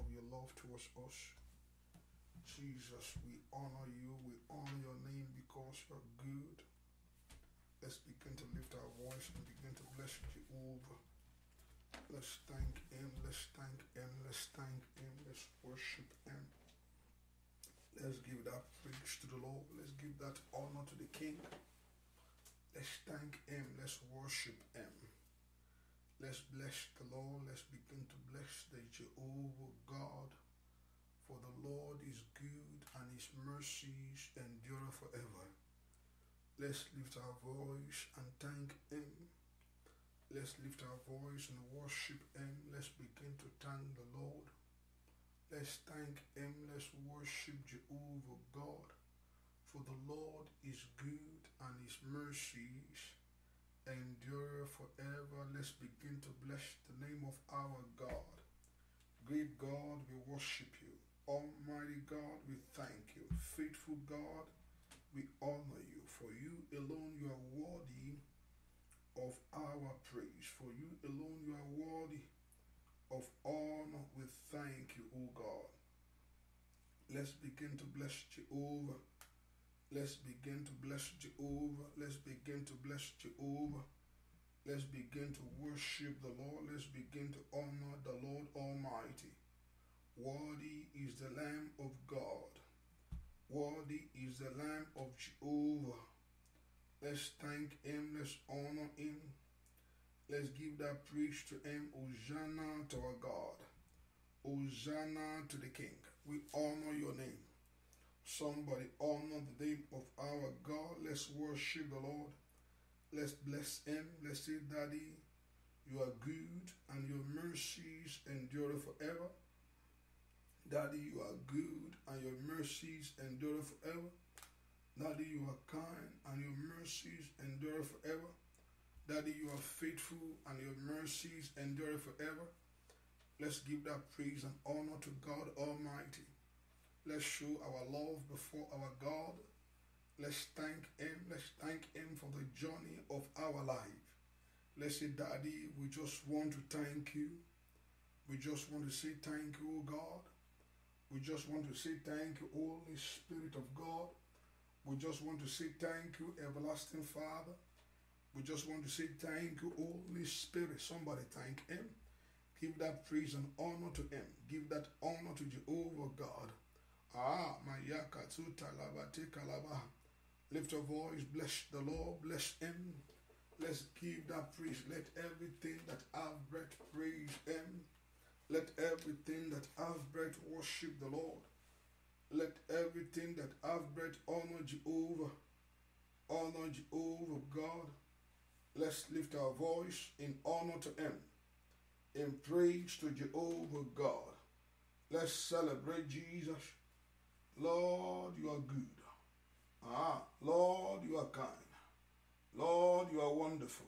of your love towards us. Jesus, we honor you. We honor your name because you're good. Let's begin to lift our voice and begin to bless Jehovah. Let's thank Him. Let's thank Him. Let's thank Him. Let's worship Him. Let's give that praise to the Lord. Let's give that honor to the King. Let's thank Him. Let's worship Him. Let's bless the Lord. Let's begin to bless the Jehovah God. For the Lord is good and his mercies endure forever. Let's lift our voice and thank him. Let's lift our voice and worship him. Let's begin to thank the Lord. Let's thank him. Let's worship Jehovah God. For the Lord is good and his mercies endure forever. Let's begin to bless the name of our God. Great God, we worship you. Almighty God, we thank you. Faithful God, we honor you. For you alone, you are worthy of our praise. For you alone, you are worthy of honor. We thank you, O God. Let's begin to bless Jehovah. Let's begin to bless Jehovah. Let's begin to bless Jehovah. Let's begin to worship the Lord. Let's begin to honor the Lord Almighty. Worthy is the Lamb of God. Worthy is the Lamb of Jehovah. Let's thank Him. Let's honor Him. Let's give that praise to Him. Hosanna to our God. Hosanna to the King. We honor your name. Somebody honor the name of our God. Let's worship the Lord. Let's bless him. Let's say, Daddy, you are good and your mercies endure forever. Daddy, you are good and your mercies endure forever. Daddy, you are kind and your mercies endure forever. Daddy, you are faithful and your mercies endure forever. Let's give that praise and honor to God Almighty. Let's show our love before our God. Let's thank Him. Let's thank Him for the journey of our life. Let's say, Daddy, we just want to thank you. We just want to say thank you, oh God. We just want to say thank you, Holy Spirit of God. We just want to say thank you, everlasting Father. We just want to say thank you, Holy Spirit. Somebody thank Him. Give that praise and honor to Him. Give that honor to Jehovah God. Ah, Mayaka Tutalabate Kalabaha. Lift your voice, bless the Lord, bless Him. Let's give that praise. Let everything that I've breath praise Him. Let everything that I've breath worship the Lord. Let everything that I've breath honor Jehovah. Honor Jehovah God. Let's lift our voice in honor to Him, in praise to Jehovah God. Let's celebrate Jesus. Lord, you are good. Ah, Lord, you are kind. Lord, you are wonderful.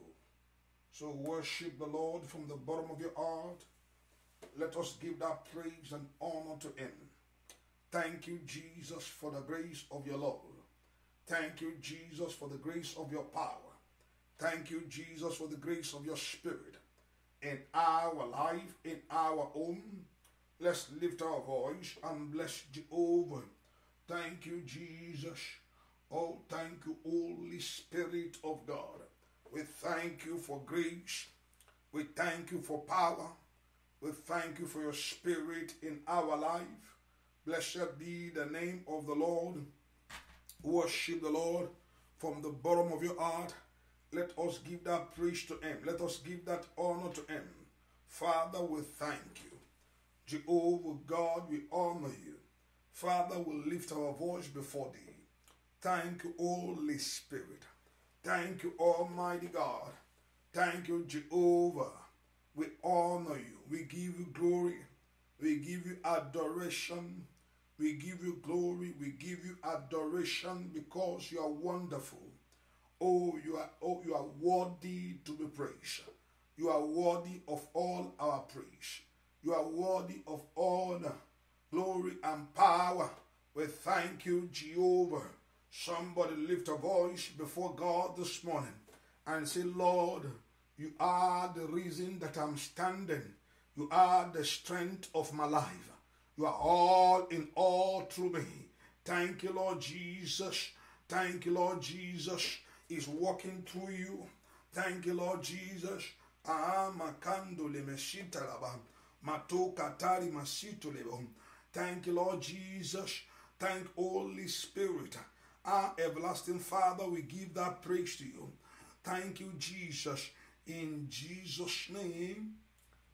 So worship the Lord from the bottom of your heart. Let us give that praise and honor to him. Thank you, Jesus, for the grace of your love. Thank you, Jesus, for the grace of your power. Thank you, Jesus, for the grace of your spirit. In our life, in our home, let's lift our voice and bless Jehovah Thank you, Jesus. Oh, thank you, Holy Spirit of God. We thank you for grace. We thank you for power. We thank you for your spirit in our life. Blessed be the name of the Lord. Worship the Lord from the bottom of your heart. Let us give that praise to Him. Let us give that honor to Him. Father, we thank you. Jehovah God, we honor you. Father, we lift our voice before thee. Thank you, Holy Spirit. Thank you, Almighty God. Thank you, Jehovah. We honor you. We give you glory. We give you adoration. We give you glory. We give you adoration because you are wonderful. Oh, you are oh, you are worthy to be praised. You are worthy of all our praise. You are worthy of honor glory, and power. We thank you, Jehovah. Somebody lift a voice before God this morning and say, Lord, you are the reason that I'm standing. You are the strength of my life. You are all in all through me. Thank you, Lord Jesus. Thank you, Lord Jesus. Is walking through you. Thank you, Lord Jesus. le laba. masito lebo. Thank you, Lord Jesus. Thank Holy Spirit. Our everlasting Father, we give that praise to you. Thank you, Jesus. In Jesus' name,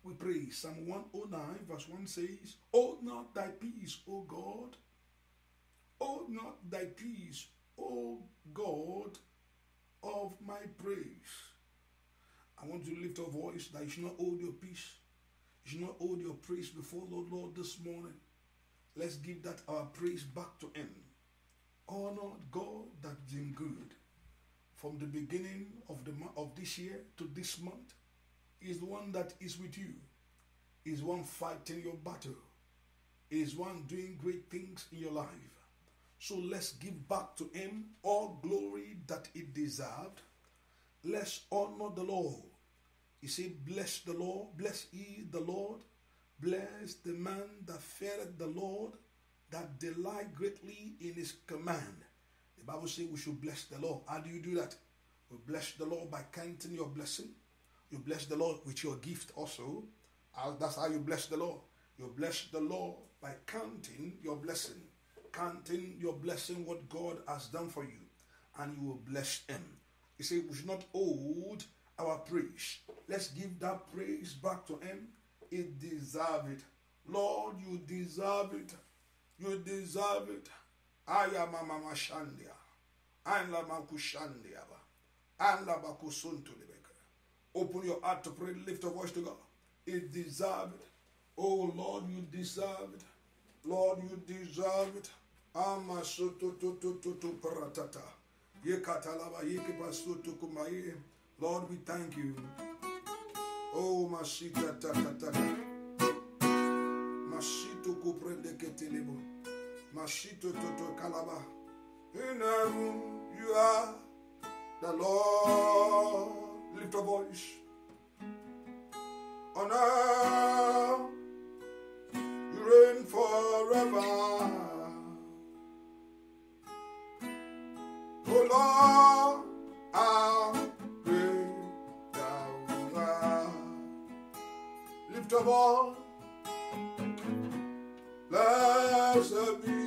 we pray. Psalm 109, verse 1 says, Hold not thy peace, O God. Hold not thy peace, O God of my praise. I want you to lift a voice that you should not hold your peace. You should not hold your praise before the Lord this morning. Let's give that our praise back to Him. Honor God that's been good from the beginning of the of this year to this month. Is the one that is with you. Is one fighting your battle. Is one doing great things in your life. So let's give back to Him all glory that it deserved. Let's honor the Lord. He said, Bless the Lord, bless ye the Lord, Blessed the man that feareth the Lord, that delight greatly in his command. The Bible says we should bless the Lord. How do you do that? You bless the Lord by counting your blessing. You bless the Lord with your gift also. That's how you bless the Lord. You bless the Lord by counting your blessing. Counting your blessing, what God has done for you. And you will bless Him. He said, We should not hold our praise. Let's give that praise back to Him he deserve it. Lord, you deserve it. You deserve it. I am a mama shandia. I'm la kushandia. I'm la bakusuntulibeka. Open your heart to pray. Lift your voice to God. He deserve it. Oh Lord, you deserve it. Lord, you deserve it. Ama soto to to to to paratata. Ye katalaba ye kipasutu kumaye. Lord, we thank you. Oh, mashita takataka. Mashito kuprende ketelebo. Mashito toto kalaba. In a room you are the Lord. Lift a voice. On earth you reign forever. Oh Lord. Of all, a beautiful.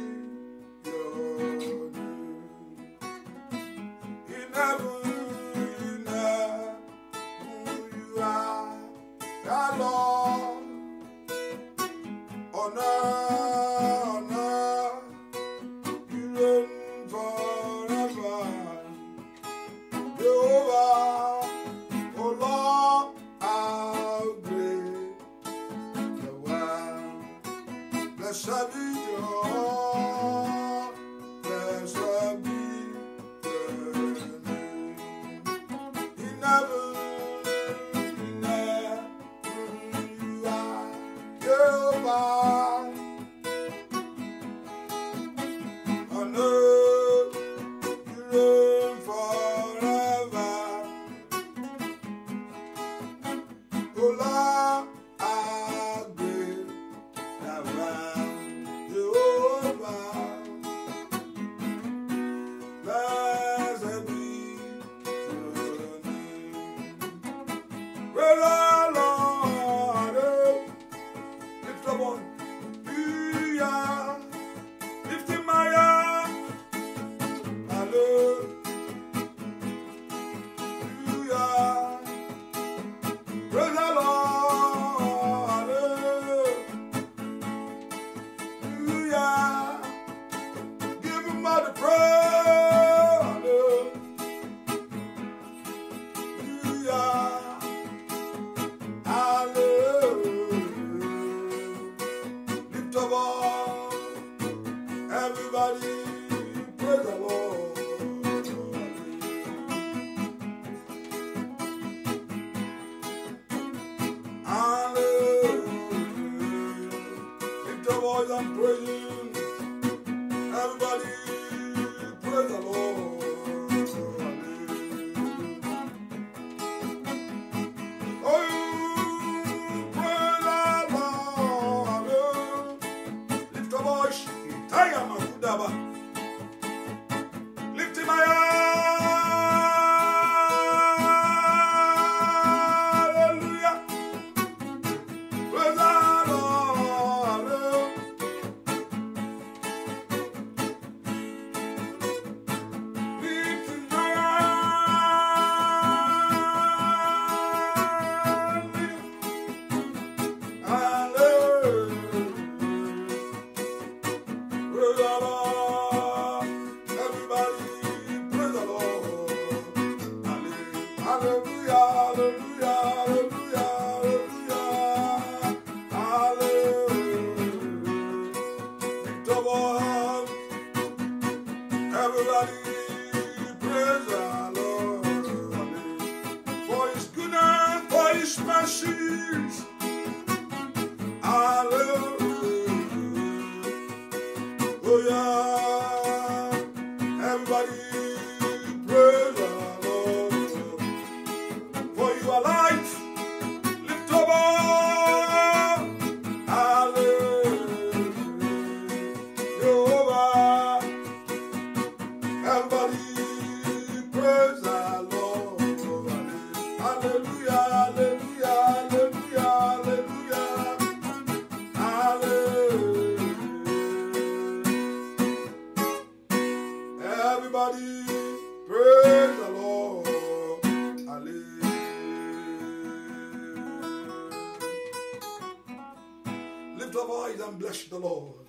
your voice and bless the Lord.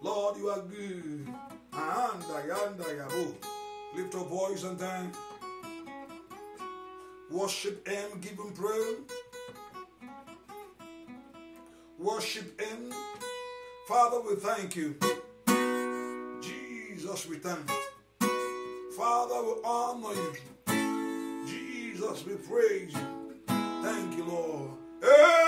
Lord, you are good. And I am Lift your voice and thank. Worship Him, give Him praise. Worship Him. Father, we thank you. Jesus, we thank you. Father, we honor you. Jesus, we praise you. Thank you, Lord. Hey!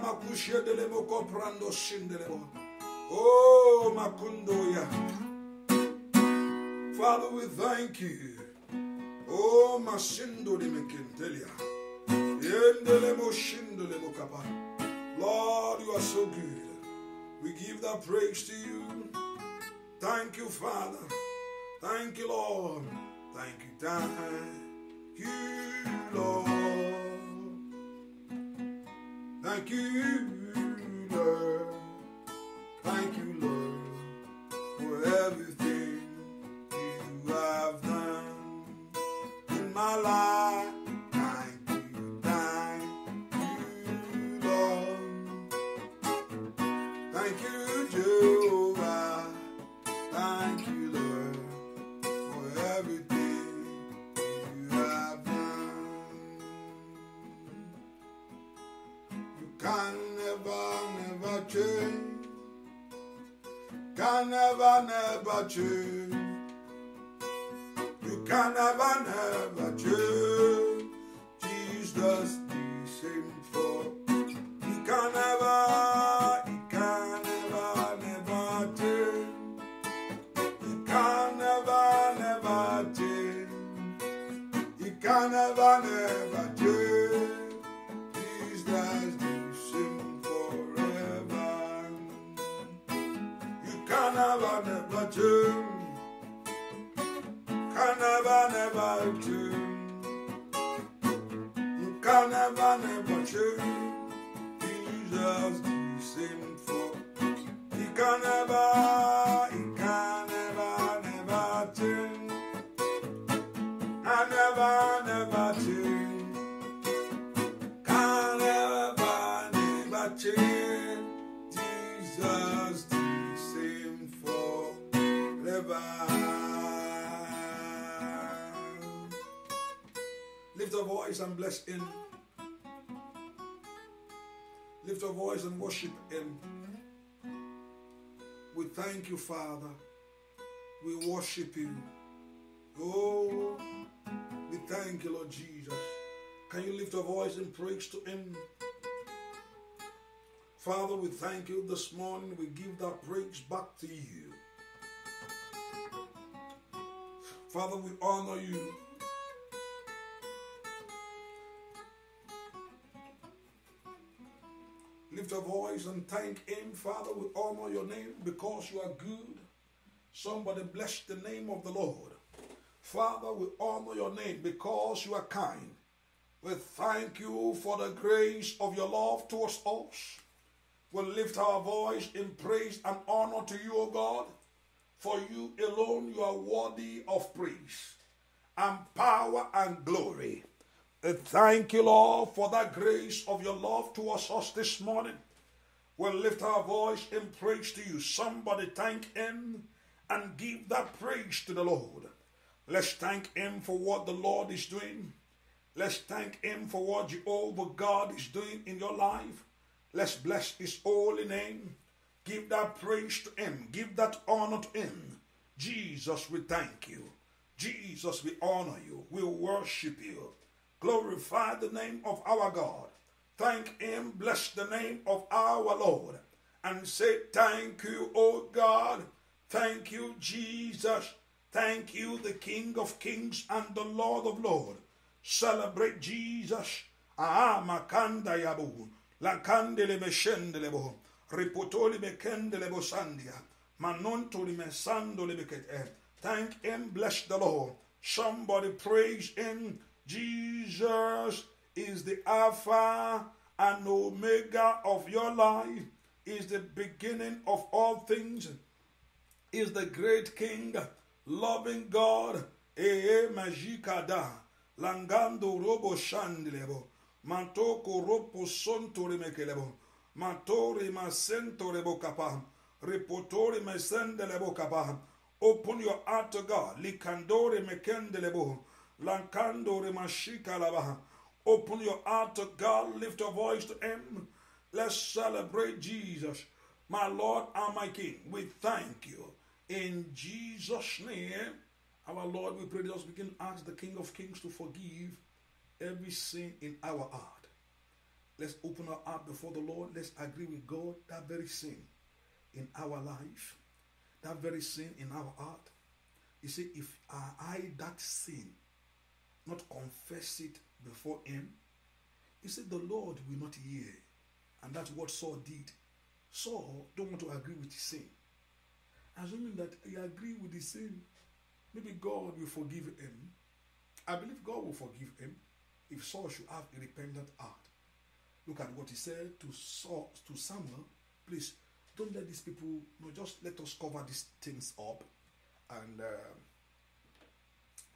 makushedelemo koprando shindelemo. Oh, makundoya. Father, we thank you. Oh, mashindo de mekentelia. Yendelemo shindelemo kapa. Lord, you are so good. We give that praise to you. Thank you, Father. Thank you, Lord. Thank you, thank you, Lord. Thank you, Lord. Thank you, Lord, for everything you have done in my life. Thank you, thank you, Lord. Thank you, Jesus. never, never choose. you, Father. We worship you. Oh, we thank you, Lord Jesus. Can you lift your voice in praise to Him? Father, we thank you this morning. We give that praise back to you. Father, we honor you. lift your voice and thank Him. Father, we honor your name because you are good. Somebody bless the name of the Lord. Father, we honor your name because you are kind. We thank you for the grace of your love towards us. We lift our voice in praise and honor to you, O God. For you alone you are worthy of praise and power and glory. And thank you, Lord, for that grace of your love towards us this morning. We'll lift our voice in praise to you. Somebody thank Him and give that praise to the Lord. Let's thank Him for what the Lord is doing. Let's thank Him for what Jehovah God is doing in your life. Let's bless His holy name. Give that praise to Him. Give that honor to Him. Jesus, we thank you. Jesus, we honor you. We worship you. Glorify the name of our God. Thank Him. Bless the name of our Lord. And say, Thank you, O God. Thank you, Jesus. Thank you, the King of Kings and the Lord of Lords. Celebrate Jesus. Ama kanda yabu. La candele mescendelebo. Ripotoli mecendelebo sandia. Manontoli mesandoli bekete. Thank Him. Bless the Lord. Somebody praise Him. Jesus is the Alpha and Omega of your life, is the beginning of all things, is the great King, loving God. Ee eh, magicada, langando robo shandilebo, mantoko ropo sontore mekelebo, mantori masentore bocapa, repotori mesendelebo capa. Open your heart to God, likandore mekendelebo, Lankando remashika labaha. Open your heart to God. Lift your voice to Him. Let's celebrate Jesus, my Lord and my King. We thank you. In Jesus' name, our Lord, we pray that we can ask the King of Kings to forgive every sin in our heart. Let's open our heart before the Lord. Let's agree with God that very sin in our life, that very sin in our heart. You see, If I hide that sin not confess it before him, he said, The Lord will not hear. And that's what Saul did. Saul don't want to agree with the sin. Assuming that he agree with the sin, maybe God will forgive him. I believe God will forgive him if Saul should have a repentant heart. Look at what he said to Saul, to Samuel. Please don't let these people, you no, know, just let us cover these things up and uh,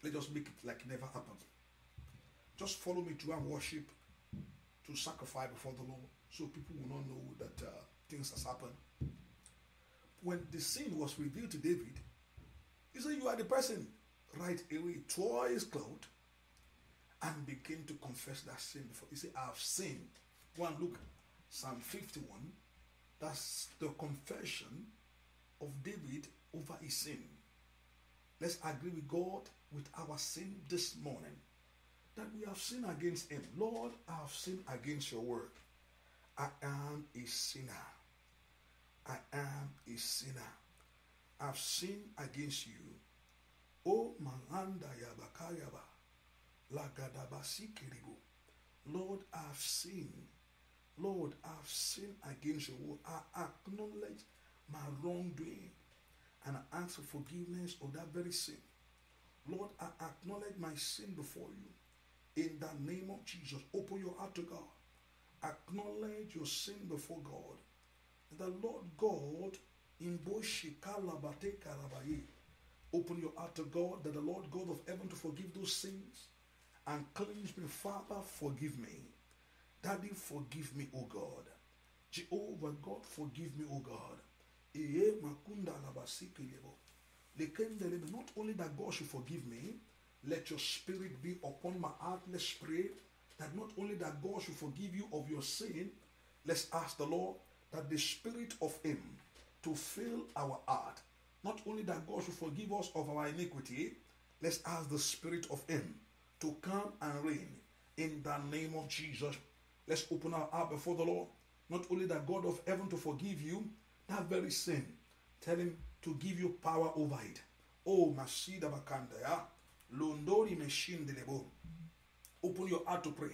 Let us make it like never happened. Just follow me to our worship, to sacrifice before the Lord, so people will not know that uh, things has happened. When the sin was revealed to David, he said, "You are the person." Right away, tore his cloth and begin to confess that sin before. He said, "I have sinned." Go and look, Psalm fifty-one. That's the confession of David over his sin. Let's agree with God with our sin this morning that we have sinned against Him. Lord, I have sinned against your word. I am a sinner. I am a sinner. I've sinned against you. Oh, Mananda Yabakayaba, Lagadabasi Lord, I've sinned. Lord, I've sinned against your word. I acknowledge my wrongdoing and I ask for forgiveness of that very sin. Lord, I acknowledge my sin before you. In the name of Jesus, open your heart to God. Acknowledge your sin before God. The Lord God, in open your heart to God, that the Lord God of heaven to forgive those sins and cleanse me. Father, forgive me. Daddy, forgive me, O God. Jehovah God, forgive me, O God. Not only that God should forgive me, let your spirit be upon my heart. Let's pray that not only that God should forgive you of your sin, let's ask the Lord that the spirit of Him to fill our heart. Not only that God should forgive us of our iniquity, let's ask the spirit of Him to come and reign in the name of Jesus. Let's open our heart before the Lord. Not only that God of heaven to forgive you that very sin. Tell Him to give you power over it. Oh, Masida Bakanda, ya. Londori Meshindelebo. Open your heart to pray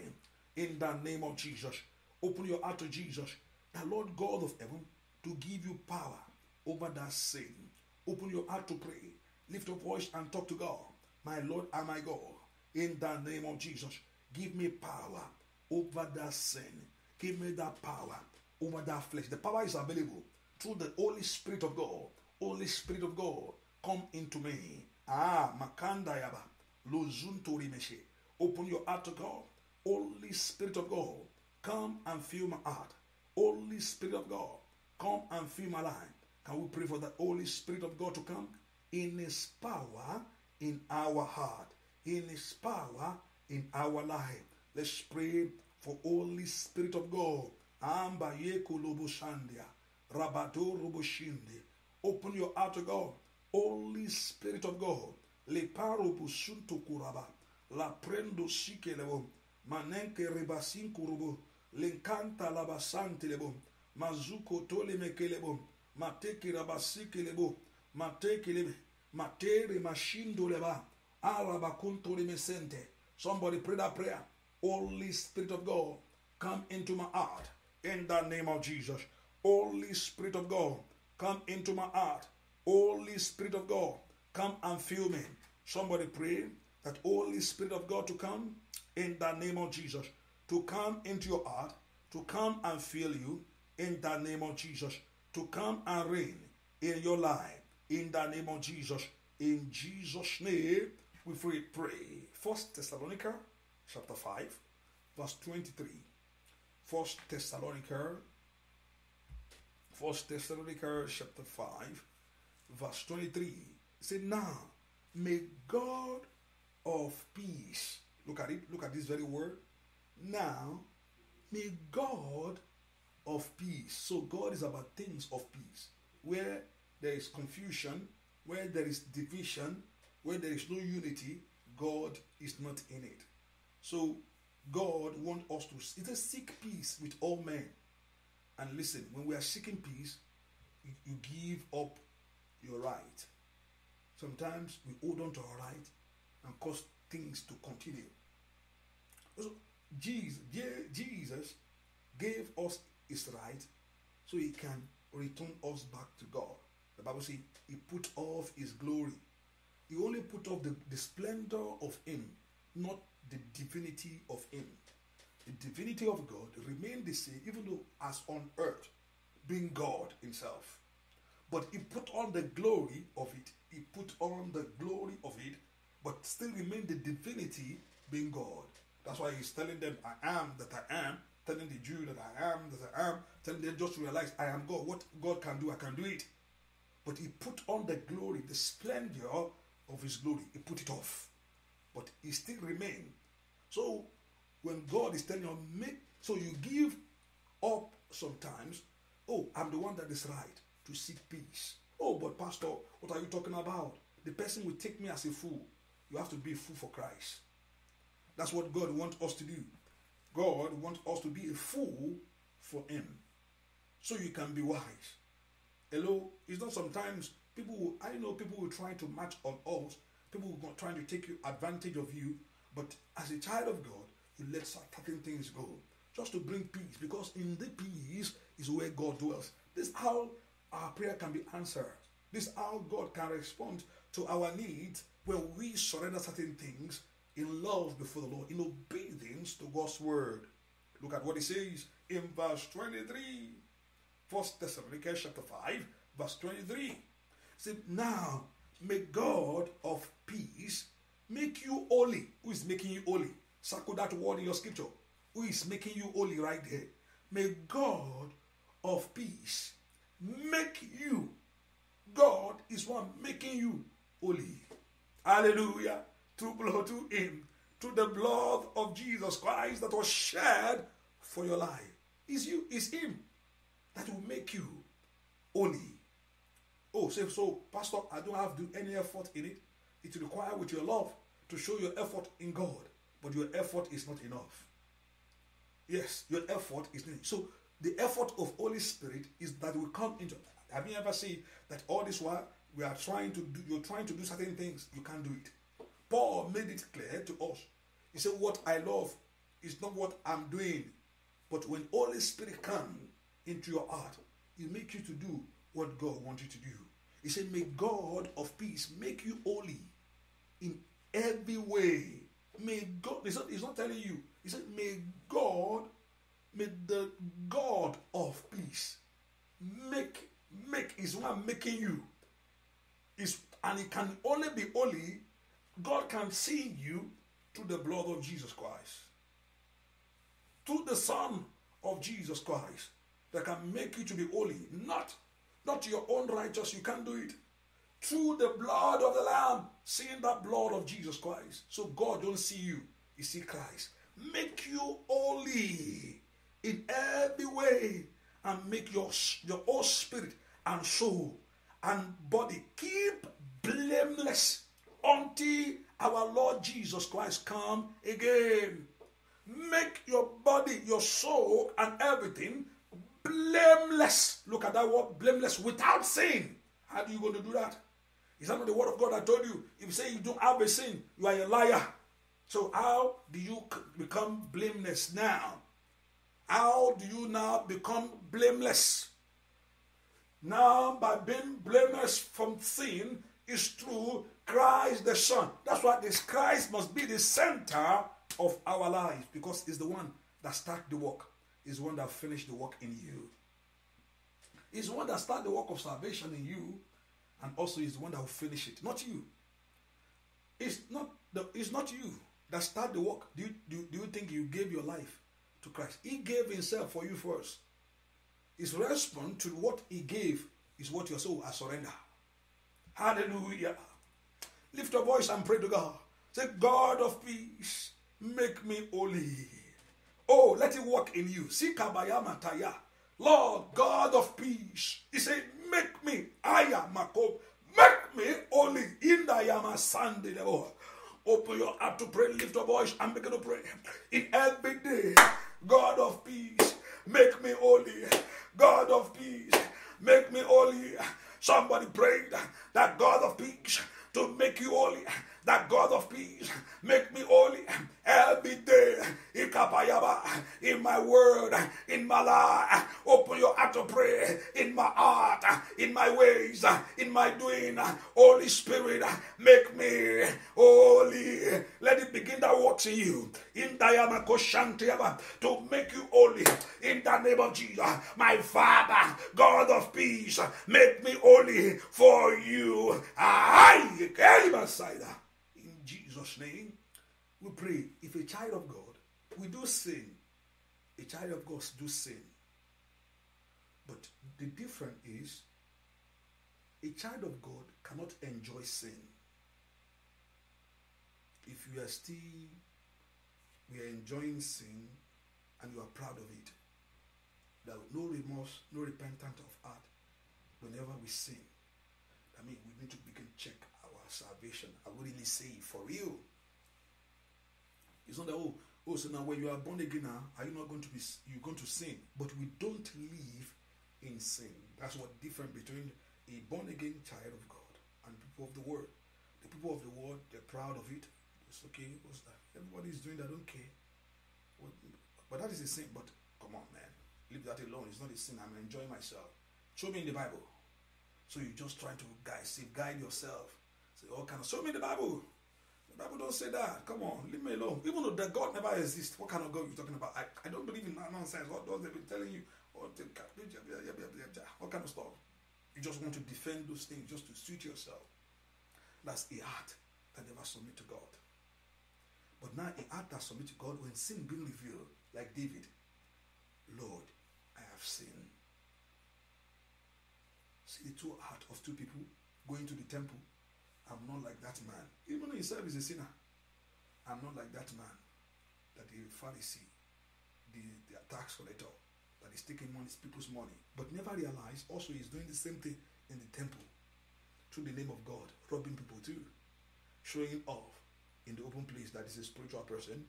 in the name of Jesus. Open your heart to Jesus, the Lord God of heaven, to give you power over that sin. Open your heart to pray. Lift your voice and talk to God. My Lord and my God, in the name of Jesus, give me power over that sin. Give me that power over that flesh. The power is available through the Holy Spirit of God Holy Spirit of God, come into me. Ah, Makanda Yaba. Lozuntori Meshe. Open your heart to God. Holy Spirit of God, come and fill my heart. Holy Spirit of God, come and fill my life. Can we pray for the Holy Spirit of God to come in His power in our heart, in His power in our life? Let's pray for Holy Spirit of God. Amba yeko loboshandia, rabado roboshinde, Open your heart to God. Holy Spirit of God. Le paro pusunto kuraba. La prendo sikelebo. Manenke rebasin kurubo. L'encanta la basante lebo. Mazuko tole mekelebo. Mateke rabasike lebo. Mateke lebe. Matere machindo leba. Araba kunto mesente. Somebody pray that prayer. Holy Spirit of God, come into my heart in the name of Jesus. Holy Spirit of God, Come into my heart. Holy Spirit of God, come and fill me. Somebody pray that Holy Spirit of God to come in the name of Jesus, to come into your heart, to come and fill you in the name of Jesus, to come and reign in your life in the name of Jesus. In Jesus' name, we pray. pray. First Thessalonica chapter 5, verse 23. First Thessalonica First Thessalonica chapter 5, verse 23. Say now, may God of peace. Look at it. Look at this very word. Now, may God of peace. So God is about things of peace. Where there is confusion, where there is division, where there is no unity, God is not in it. So God wants us to it is seek peace with all men and listen, when we are seeking peace, you, you give up your right. Sometimes we hold on to our right and cause things to continue. So Jesus, Jesus gave us his right so he can return us back to God. The Bible says he put off his glory. He only put off the, the splendor of him, not the divinity of him divinity of God remained the same, even though as on earth, being God Himself. But He put on the glory of it. He put on the glory of it, but still remained the divinity being God. That's why He's telling them, I am that I am, telling the Jew that I am that I am, telling them just to realize I am God. What God can do, I can do it. But He put on the glory, the splendor of His glory. He put it off. But He still remained. So when God is telling you, make so you give up sometimes. Oh, I'm the one that is right to seek peace. Oh, but Pastor, what are you talking about? The person will take me as a fool. You have to be a fool for Christ. That's what God wants us to do. God wants us to be a fool for Him so you can be wise. Hello? It's not sometimes people, will, I know people will try to match on us, people will try to take advantage of you, but as a child of God, he let certain things go just to bring peace because in the peace is where God dwells. This is how our prayer can be answered. This is how God can respond to our needs when we surrender certain things in love before the Lord, in obedience to God's word. Look at what he says in verse 23. First Thessalonians chapter 5, verse 23. Say, now may God of peace make you holy. Who is making you holy? Circle that word in your scripture. Who is making you holy right there? May God of peace make you. God is one making you holy. Hallelujah. Through blood to him, through the blood of Jesus Christ that was shed for your life. Is you, is him that will make you holy. Oh, so, so Pastor, I don't have to do any effort in it. It requires with your love to show your effort in God but your effort is not enough. Yes, your effort is not. So the effort of Holy Spirit is that we come into. Have you ever seen that all this while we are trying to do, you're trying to do certain things, you can't do it. Paul made it clear to us. He said, "What I love is not what I'm doing, but when Holy Spirit comes into your heart, He make you to do what God wants you to do." He said, "May God of peace make you holy in every way." may God, he's not, he's not telling you. He said, may God, may the God of peace make, make is one making you. Is and it can only be only God can see you through the blood of Jesus Christ. Through the Son of Jesus Christ that can make you to be holy. Not, not your own righteous, you can't do it through the blood of the Lamb, seeing that blood of Jesus Christ. So God don't see you, you see Christ. Make you holy in every way and make your, your whole spirit and soul and body keep blameless until our Lord Jesus Christ come again. Make your body, your soul, and everything blameless. Look at that word blameless without sin. How are you going to do that? Is that not the word of God I told you? If you say you don't have a sin, you are a liar. So how do you become blameless now? How do you now become blameless? Now, by being blameless from sin is through Christ the Son. That's why this Christ must be the center of our lives because he's the one that start the work. He's the one that finished the work in you. He's the one that start the work of salvation in you and also is the one that will finish it, not you. It's not the, it's not you that start the work. Do you, do, do you think you gave your life to Christ? He gave himself for you first. His response to what he gave is what your soul has surrendered. Hallelujah. Lift your voice and pray to God. Say, God of peace, make me holy. Oh, let it work in you. See Kabaya Mataya, Lord God of peace. He said, make me I am cop. Make me holy in the thy Yamasandilebo. Open your heart to pray, lift your voice, and begin to pray. In every day, God of peace, make me holy. God of peace, make me holy. Somebody prayed that God of peace to make you holy that God of peace, make me holy every day. In my word, in my life, open your heart to pray, in my heart, in my ways, in my doing. Holy Spirit, make me holy. Let it begin that work in you. In to make you holy in the name of Jesus. My Father, God of peace, make me holy for you. I came aside. Jesus' name. We pray. If a child of God, we do sin. A child of God do sin. But the difference is a child of God cannot enjoy sin. If you are still we are enjoying sin and you are proud of it, there is no remorse, no repentant of heart whenever we sin. I mean, we need to begin check salvation. I would really say for real. It's not that oh, oh, so now when you are born again now, are you not going to be you're going to sin? But we don't live in sin. That's what different between a born again child of God and people of the world. The people of the world, they're proud of it. It's okay. What's that? Everybody's doing that. Don't care. but that is a sin. But come on, man, leave that alone. It's not a sin. I'm enjoying myself. Show me in the Bible. So you just trying to guide, yourself all kind of show me the Bible. The Bible don't say that. Come on, leave me alone. Even though that God never exists, what kind of God are you talking about? I, I don't believe in that nonsense. What does they be telling you? What kind of stuff? You just want to defend those things just to suit yourself. That's a heart that never submit to God. But now a heart that submit to God when sin being revealed, like David, Lord, I have sinned. See the two heart of two people going to the temple I'm not like that man. Even though himself is a sinner, I'm not like that man. That the Pharisee, the, the tax collector, that is taking money, people's money, but never realize also he's doing the same thing in the temple through the name of God, robbing people too, showing off in the open place that is a spiritual person.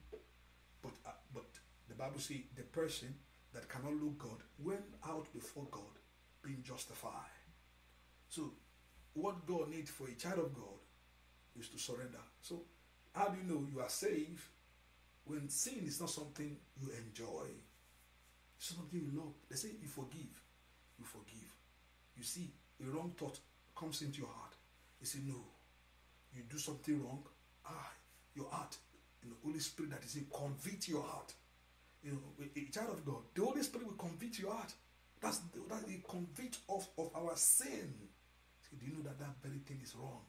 But uh, but the Bible says the person that cannot look God went out before God being justified. So what God needs for a child of God is to surrender. So, how do you know you are saved when sin is not something you enjoy? It's something you love. They say you forgive, you forgive. You see, a wrong thought comes into your heart. You say, No, you do something wrong. Ah, your heart, and the Holy Spirit that is in, convict your heart. You know, a child of God, the Holy Spirit will convict your heart. That's that it convict of, of our sin. Say, do you know that that very thing is wrong?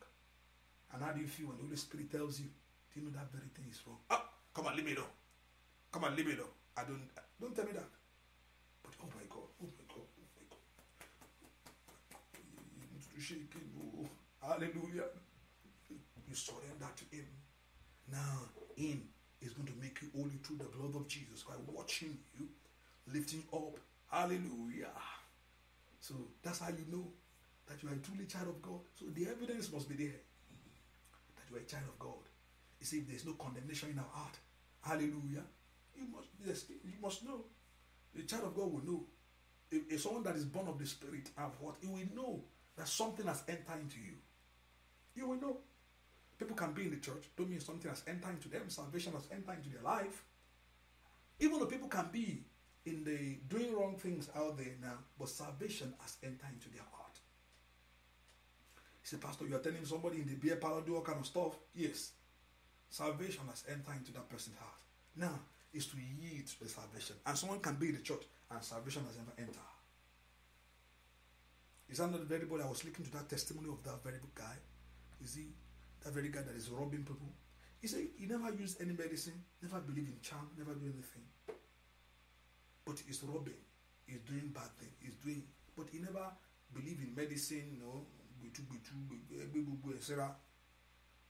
And how do you feel when the Holy Spirit tells you, do you know that very thing is wrong? Ah, come on, leave me alone. Come on, leave me alone. I don't, don't tell me that. But oh my God, oh my God, oh my God. You need to shake oh. Hallelujah. You surrender to Him. Now, Him is going to make you holy through the blood of Jesus by watching you, lifting up. Hallelujah. So that's how you know that you are truly child of God. So the evidence must be there that you are a child of God. You see, if there's no condemnation in our heart, hallelujah, you must, you must know. The child of God will know. If, if someone that is born of the Spirit have what? He will know that something has entered into you. You will know. People can be in the church, don't mean something has entered into them, salvation has entered into their life. Even though people can be in the doing wrong things out there now, but salvation has entered into their heart said, Pastor, you are telling somebody in the beer parlor do all kind of stuff? Yes. Salvation has entered into that person's heart. Now, it's to yield to the salvation. And someone can be in the church and salvation has never entered. Is that not the very boy I was looking to that testimony of that very guy? Is he that very guy that is robbing people? He said he never used any medicine, never believed in charm, never do anything. But he's robbing, he's doing bad things, he's doing, but he never believed in medicine, you know, gbẹtugbẹtu ẹgbẹ gbogbo ẹ síra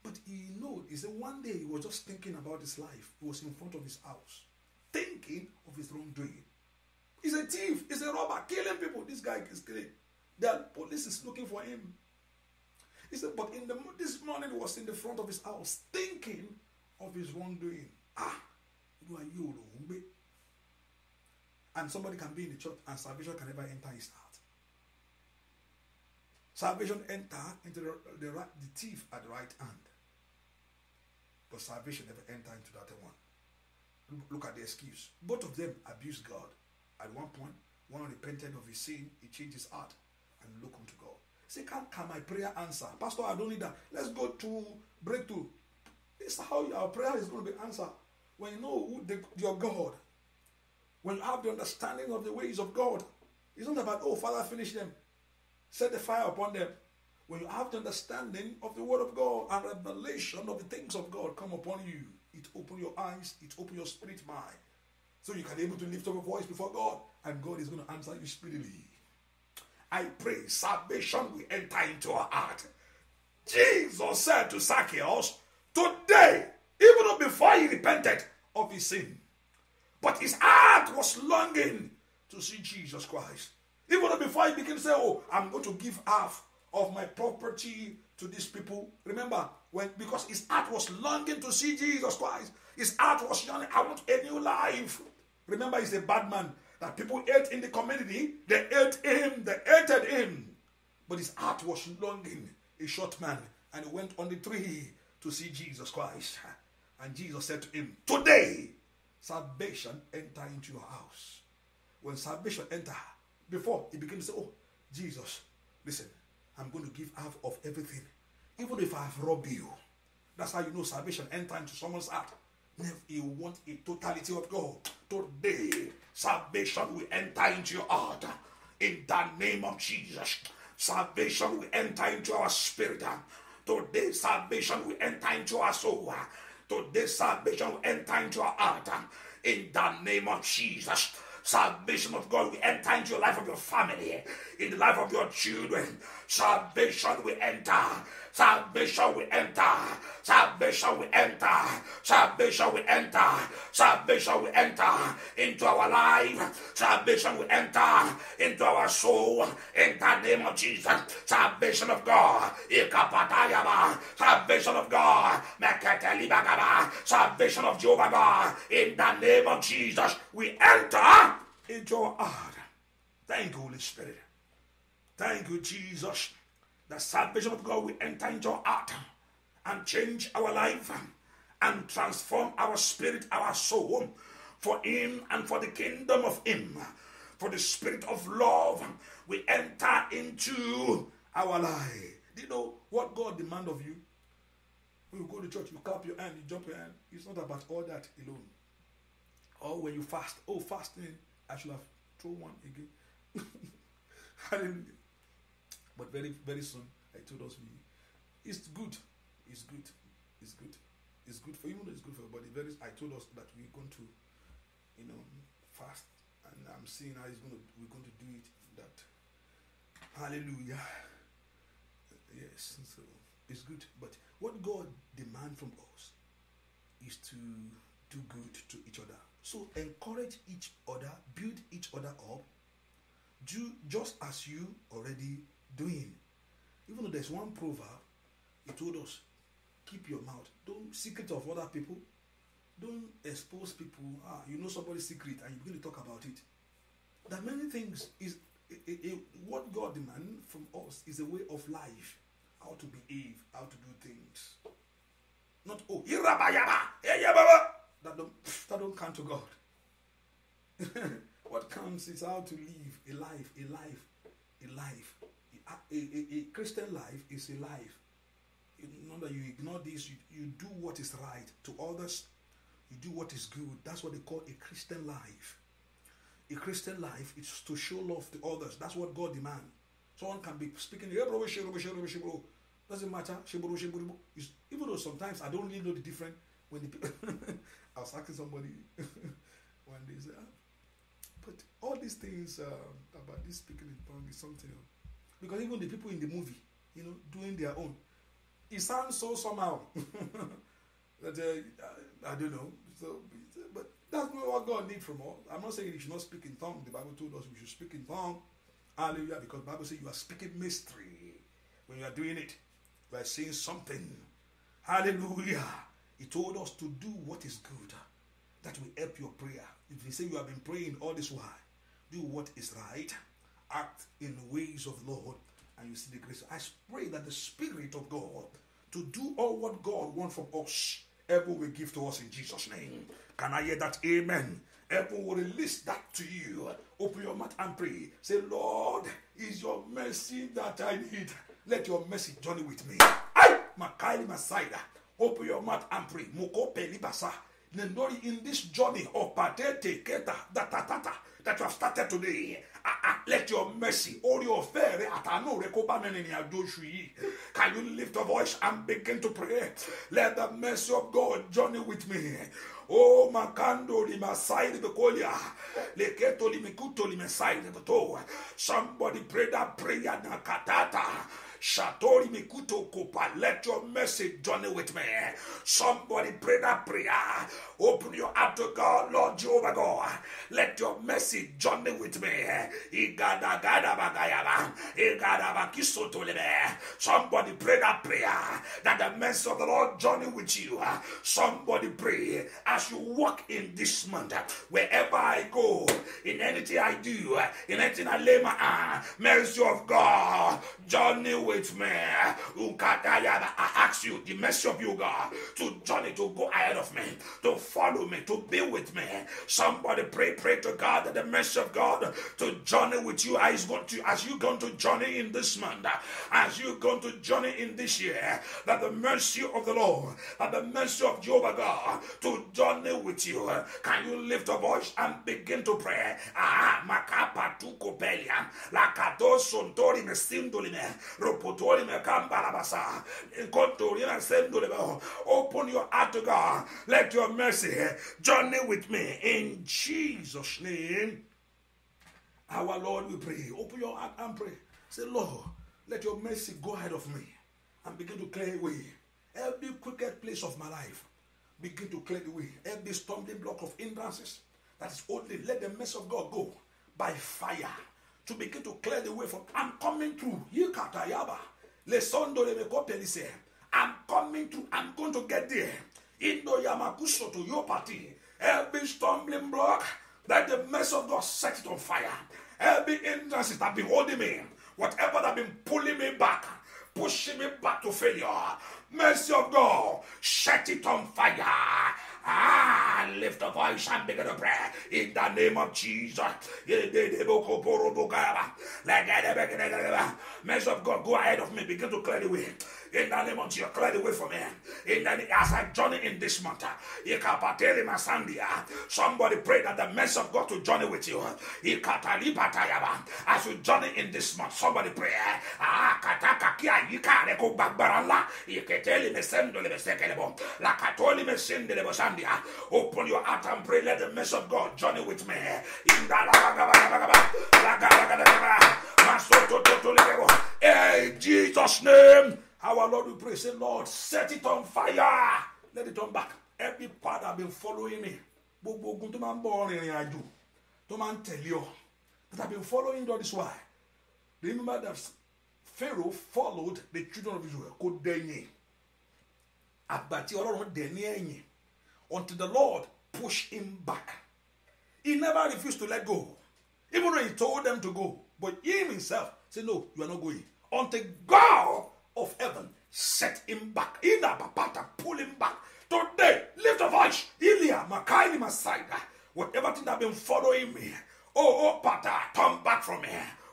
but he know he say one day he was just thinking about his life he was in front of his house thinking of his wrongdoing he's a thief he's a robber killing people this guy is killing the police is looking for him he said but in the this morning he was in the front of his house thinking of his wrongdoing ah irú ayé òòrùn and somebody can be in the church and salvation can never enter his house. Salvation enter into the, the, the thief at the right hand. But salvation never enter into that one. Look at the excuse. Both of them abused God. At one point, one repented of his sin, he changed his heart and looked unto God. Say, can, can my prayer answer? Pastor, I don't need that. Let's go to breakthrough. This is how your prayer is going to be answered. When you know who the, your God, when you have the understanding of the ways of God, it's not about, oh, Father, finish them set the fire upon them. When you have the understanding of the Word of God and revelation of the things of God come upon you, it open your eyes, it open your spirit mind. So you can be able to lift up a voice before God, and God is going to answer you speedily. I pray salvation will enter into our heart. Jesus said to Zacchaeus, Today, even before he repented of his sin, but his heart was longing to see Jesus Christ. Even before he began to say, Oh, I'm going to give half of my property to these people. Remember, when because his heart was longing to see Jesus Christ, his heart was yearning, I want a new life. Remember, he's a bad man that people ate in the community, they ate him, they hated him. But his heart was longing, a short man, and he went on the tree to see Jesus Christ. And Jesus said to him, Today, salvation enter into your house. When salvation enter, before he to say, Oh, Jesus, listen, I'm going to give half of everything, even if I have robbed you. That's how you know salvation enter into someone's heart. If you want a totality of God, today salvation will enter into your heart. In the name of Jesus, salvation will enter into our spirit. Today salvation will enter into our soul. Today salvation will enter into our heart. In the name of Jesus. Salvation of God will enter into the life of your family, in the life of your children. Salvation will enter Salvation will enter. Salvation will enter. Salvation will enter. Salvation will enter into our life. Salvation will enter into our soul. In the name of Jesus. Salvation of God. Salvation of God. Salvation of Jehovah God. In the name of Jesus. We enter into our heart. Thank you, Holy Spirit. Thank you, Jesus. The salvation of God will enter into our heart and change our life and transform our spirit, our soul for Him and for the kingdom of Him. For the spirit of love will enter into our life. Do you know what God demands of you? When you go to church, you clap your hand, you jump your hand. It's not about all that alone. Or when you fast, oh, fasting, I should have thrown one again. Hallelujah. But very, very soon, I told us we, it's good, it's good, it's good, it's good for you. it's good for your body. Very, I told us that we're going to, you know, fast, and I'm seeing how it's going to, we're going to do it. That, hallelujah. Yes, so it's good. But what God demands from us is to do good to each other. So encourage each other, build each other up, do just as you already doing. Even though there's one proverb, he told us, keep your mouth. Don't secret of other people. Don't expose people. Ah, you know somebody's secret and you begin to talk about it. There are many things is what God demands from us is a way of life, how to behave, how to do things. Not oh, that don't that don't count to God. what counts is how to live a life, a life, a life a, a, a Christian life is a life. know that you ignore this, you, you do what is right to others, you do what is good. That's what they call a Christian life. A Christian life is to show love to others. That's what God demands. Someone can be speaking, hey, bro, shibro, shibro, shibro. doesn't matter. Even though sometimes I don't really know the difference when the people, I was asking somebody one day, said, ah, but all these things uh, about this speaking in tongues is something else because even the people in the movie, you know, doing their own, it sounds so somehow that uh, I, I, don't know. So, but that's not what God needs from us. I'm not saying you should not speak in tongue. The Bible told us we should speak in tongue. Hallelujah! Because Bible says you are speaking mystery when you are doing it. You are saying something. Hallelujah! He told us to do what is good. That will help your prayer. If you say you have been praying all this while, do what is right act in ways of the Lord and you see the grace. I pray that the Spirit of God to do all what God wants from us, ever will give to us in Jesus' name. Mm. Can I hear that? Amen. Heaven will release that to you. Open your mouth and pray. Say, Lord, is your mercy that I need. Let your mercy journey with me. I, Makaili Masaida. Open your mouth and pray. Moko Pelibasa. Nendori, in this journey of Patete Keta, that you have started today, let your mercy, all your fair, atano Can you lift a voice and begin to pray? Let the mercy of God journey with me. Oh, makando limasaidi bekolia. Leketo limikuto the beto. Somebody pray that prayer na katata. Shatori Mikuto Kopa. Let your mercy journey with me. Somebody pray that prayer. Open your heart to God, Lord Jehovah God. Let your mercy journey with me. Somebody pray that prayer that the mercy of the Lord journey with you. Somebody pray as you walk in this month, wherever I go, in anything I do, in anything I lay my hand, mercy of God, journey with me. I ask you, the mercy of you, God, to journey, to go ahead of me, to follow me, to be with me. Somebody pray, pray to God that the mercy of God to journey with you as, going to, as you're going to journey in this month, as you're going to journey in this year, that the mercy of the Lord, that the mercy of Jehovah God to journey with you. Can you lift a voice and begin to pray? Ah, makapa tu kopelia, lakato sontori mesindolime, Open your heart to God. Let your mercy journey with me in Jesus' name. Our Lord, we pray. Open your heart and pray. Say, Lord, let your mercy go ahead of me and begin to clear away every crooked place of my life. Begin to clear the way. Every stumbling block of hindrances that is holding, let the mercy of God go by fire to begin to clear the way for I'm coming through. Yikatayaba. Lesondo rebeko pelise. I'm coming through. I'm going to get there. Indo yamakuso to your party. Every stumbling block that the mess of God set it on fire. Every entrance that been holding me, whatever that been pulling me back, pushing me back to failure. Mercy of God, set it on fire. Ah, lift a voice and begin to pray in the name of Jesus. Mess of God, go ahead of me, begin to clear the way. In the name of Jesus, clear the way for me. In the, as I journey in this month, somebody pray that the mercy of God to journey with you. As you journey in this month, somebody pray. Ah, Open your heart and pray. Let the mercy of God journey with me. In the Jesus' name. Our Lord, we pray, say, Lord, set it on fire. Let it turn back. Every part I've been following me. Gbogbo ogun tó máa ń bọ̀ ọ̀rìn ìrìn àjò tó máa ń tẹ̀lé ọ. That I've been following you all this while. Remember that Pharaoh followed the children of Israel. Kò dẹ̀yìn. Àgbàtí Ọlọ́run dẹ̀ ní ẹ̀yìn. Until the Lord push him back. He never refused to let go. Even though he told them to go. But him himself say, No, you are not going. Until God of heaven set him back. Inabapata, pull him back. Today, lift a voice. Ilia, Makai, Masaida. Whatever thing that been following me. Oh, oh, Pata, come back from me.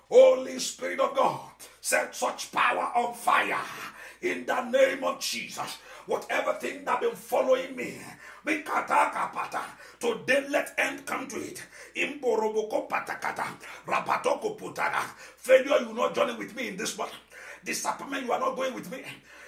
Holy Spirit of God, set such power on fire in the name of Jesus. Whatever thing that been following me, today let end come to it. Imboroboko patakata, rapatoko putana. Failure, you not journey with me in this one disappointment, you are not going with me.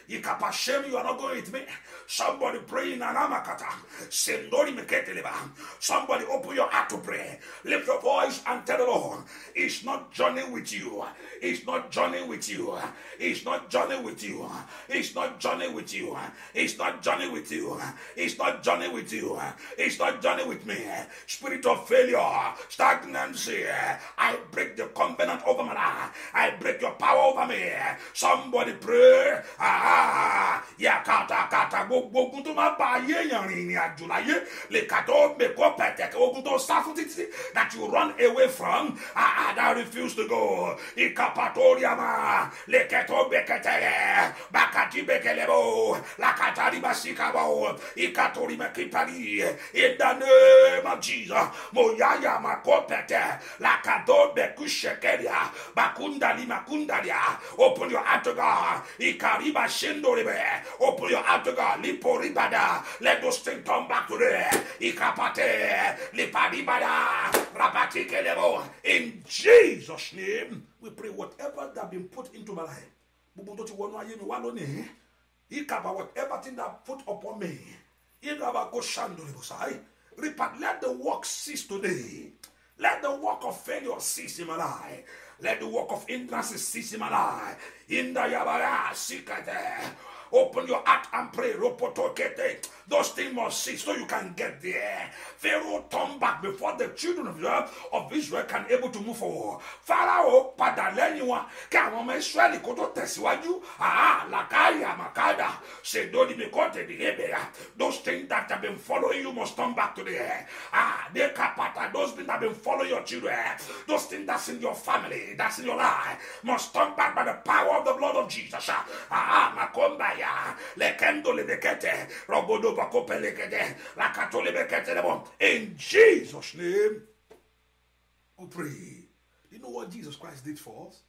Ikapashem, you are not going with me. Somebody pray in Anamakata. Sendori Meketeleba. Somebody open your heart to pray. Lift your voice and tell the Lord, it's not joining with you. It's not joining with you. It's not joining with you. It's not joining with you. It's not journeying with you. It's not journeying with you. It's not journeying with me. Spirit of failure, stagnancy. I break the covenant over my life. I break your power over me. Somebody pray. Ah, yàkàtàkàtà gbogbo ogun tó máa bá ayé èèyàn rìn ìrìn àjò láyé lè kà tó mèkó pẹ̀tẹ̀kẹ̀ ogun tó sá fún títí that you run away from and ah, I ah, refuse to go ìkàpàtóríàmà lè kẹ́tọ́ gbẹ̀kẹ̀tẹ̀ bàkàtí gbẹ̀kẹ̀lẹ́bọ̀ làkàtà rìbá síkàbọ̀ ìkàtórí mẹ́kìparí ìdáná ma Jesus mo yáyà ma kó pẹ̀tẹ̀ làkàtọ́ gbẹ̀kú ṣẹ̀kẹ̀rìà bàkúndàlí màkúndàlíà open your heart to God ìkàrí bá ṣe. Open your heart to God. Liporibada. Let those things come back to there. Ikapate. Liparibada. Rabatikelebo. In Jesus' name, we pray whatever that been put into my life. whatever thing that put upon me. Let the work cease today. Let the work of failure cease in my life. Let the work of hindrances cease in my life. In the Yabara, Sikate. Open your heart and pray. Ropoto those things must cease so you can get there. Pharaoh turned back before the children of Israel, uh, of Israel can able to move forward. Pharaoh padà lẹ́yìn wọn kí àwọn ọmọ Israẹli kó tó tẹ̀síwájú. Ah, Lakaya Makada, Sedoni Mikote Dihebea. Those things that have been following you must turn back to the air. Ah, Dekapata, those things that have been following your children, those things that's in your family, that's in your life, must turn back by the power of the blood of Jesus. Ah, Makombaya, Lekendo Lebekete, Robodo in Jesus' name, we pray. You know what Jesus Christ did for us?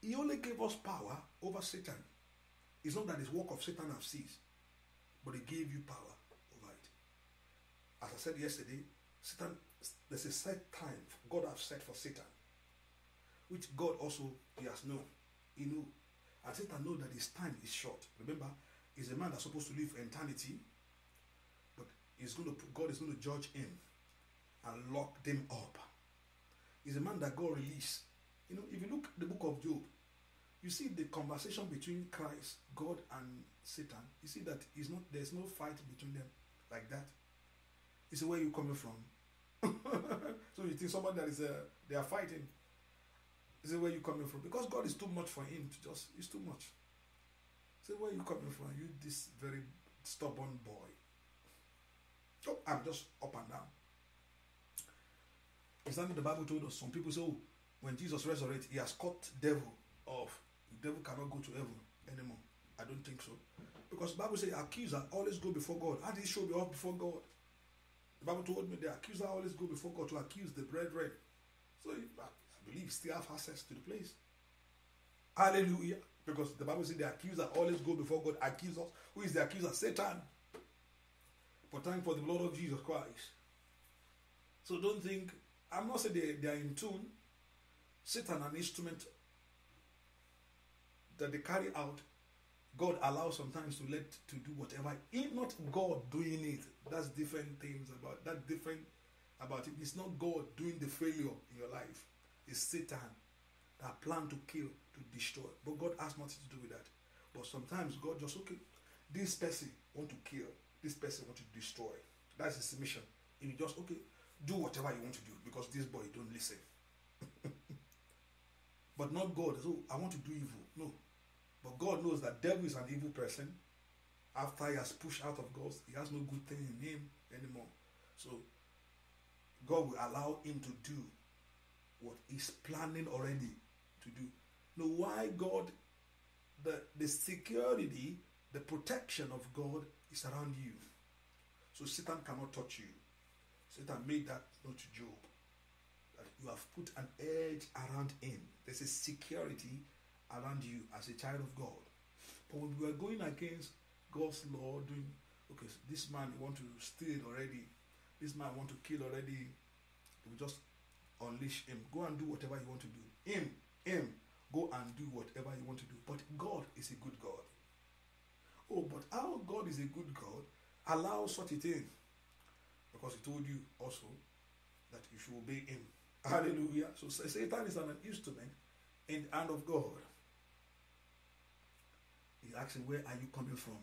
He only gave us power over Satan. It's not that his work of Satan has ceased, but he gave you power over it. As I said yesterday, Satan, there's a set time God has set for Satan, which God also he has known. He knew. And Satan knows that his time is short. Remember, is a man that's supposed to live for eternity, but he's going to put, God is going to judge him and lock them up. Is a man that God released. You know, if you look the book of Job, you see the conversation between Christ, God, and Satan. You see that not there's no fight between them like that. You see where you coming from. so you think someone that is uh, they are fighting. Is where you coming from because God is too much for him to just. It's too much. Say, where you coming from? You this very stubborn boy. Oh, I'm just up and down. It's not the Bible told us. Some people say, oh, when Jesus resurrected, he has cut devil off. The devil cannot go to heaven anymore. I don't think so. Because Bible says accuser always go before God. How did he show me off before God? The Bible told me the accuser always go before God to accuse the brethren. So I believe still have access to the place. Hallelujah. Because the Bible says the accuser always go before God, accuse us. Who is the accuser? Satan. But thank for the blood of Jesus Christ. So don't think, I'm not saying they, they are in tune. Satan, an instrument that they carry out, God allows sometimes to let to do whatever. If not God doing it, that's different things about that different about it. It's not God doing the failure in your life. It's Satan that plan to kill, to destroy. But God has nothing to do with that. But sometimes God just okay, this person want to kill, this person want to destroy. That's his mission. He just okay, do whatever you want to do because this boy don't listen. but not God. So I want to do evil. No. But God knows that devil is an evil person. After he has pushed out of God, he has no good thing in him anymore. So God will allow him to do what he's planning already to do know why God, the, the security, the protection of God is around you. So Satan cannot touch you. Satan made that note to Job. That you have put an edge around him. There's a security around you as a child of God. But when we are going against God's law, doing okay, so this man want to steal already, this man want to kill already, we just unleash him. Go and do whatever you want to do. Him, him, Go and do whatever you want to do. But God is a good God. Oh, but our God is a good God Allow such a thing. Because he told you also that you should obey him. Hallelujah. So Satan is an instrument in the hand of God. He's asking, Where are you coming from?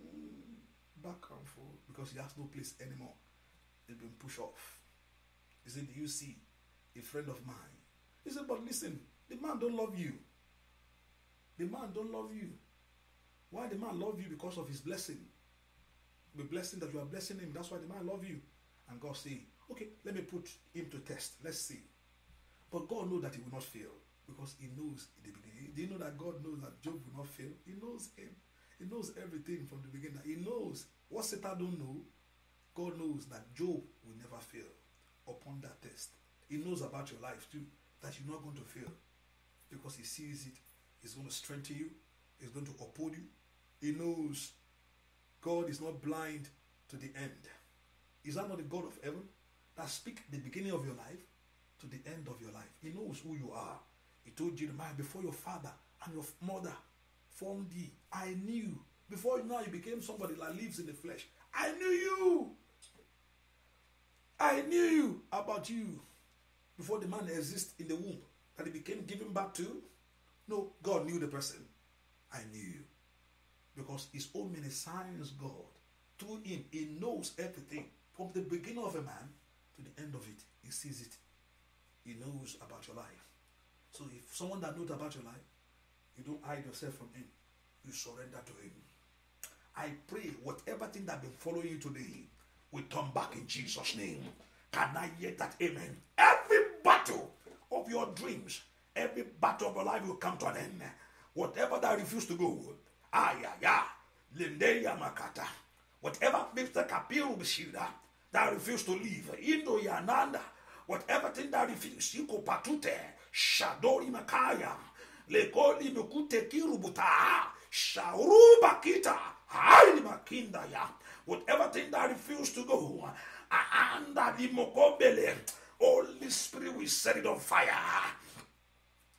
Hmm, back and forth. Because he has no place anymore. They've been pushed off. He said, Do you see a friend of mine? He said, But listen, The man don't love you. The man don't love you. Why the man love you? Because of his blessing. The blessing that you are blessing him. That's why the man love you. And God say, okay, let me put him to test. Let's see. But God know that he will not fail because he knows in the beginning. Do you know that God knows that Job will not fail? He knows him. He knows everything from the beginning. He knows what Satan don't know. God knows that Job will never fail upon that test. He knows about your life too, that you're not going to fail. because he sees it. He's going to strengthen you. He's going to uphold you. He knows God is not blind to the end. Is that not the God of heaven that speak the beginning of your life to the end of your life? He knows who you are. He told Jeremiah, before your father and your mother formed thee, I knew. Before now you became somebody that lives in the flesh. I knew you. I knew you about you before the man exists in the womb that he became given back to? No, God knew the person. I knew you. Because his own many signs, God, through him, he knows everything. From the beginning of a man to the end of it, he sees it. He knows about your life. So if someone that knows about your life, you don't hide yourself from him. You surrender to him. I pray whatever thing that been following you today will turn back in Jesus' name. Can I hear that? Amen. Every battle of your dreams, every battle of your life will come to an end. Whatever that refuse to go, ah ya ya, lindeya makata. Whatever Mr. Kapil will that refuse to leave, Indo Yananda, whatever thing that refuse, Iko Patute, Shadori Makaya, Lekoli Mukute Kirubuta, Shauruba Kita, Haili Makinda Ya, whatever thing that refuse to go, Aanda Dimokobele, Holy Spirit will set it on fire.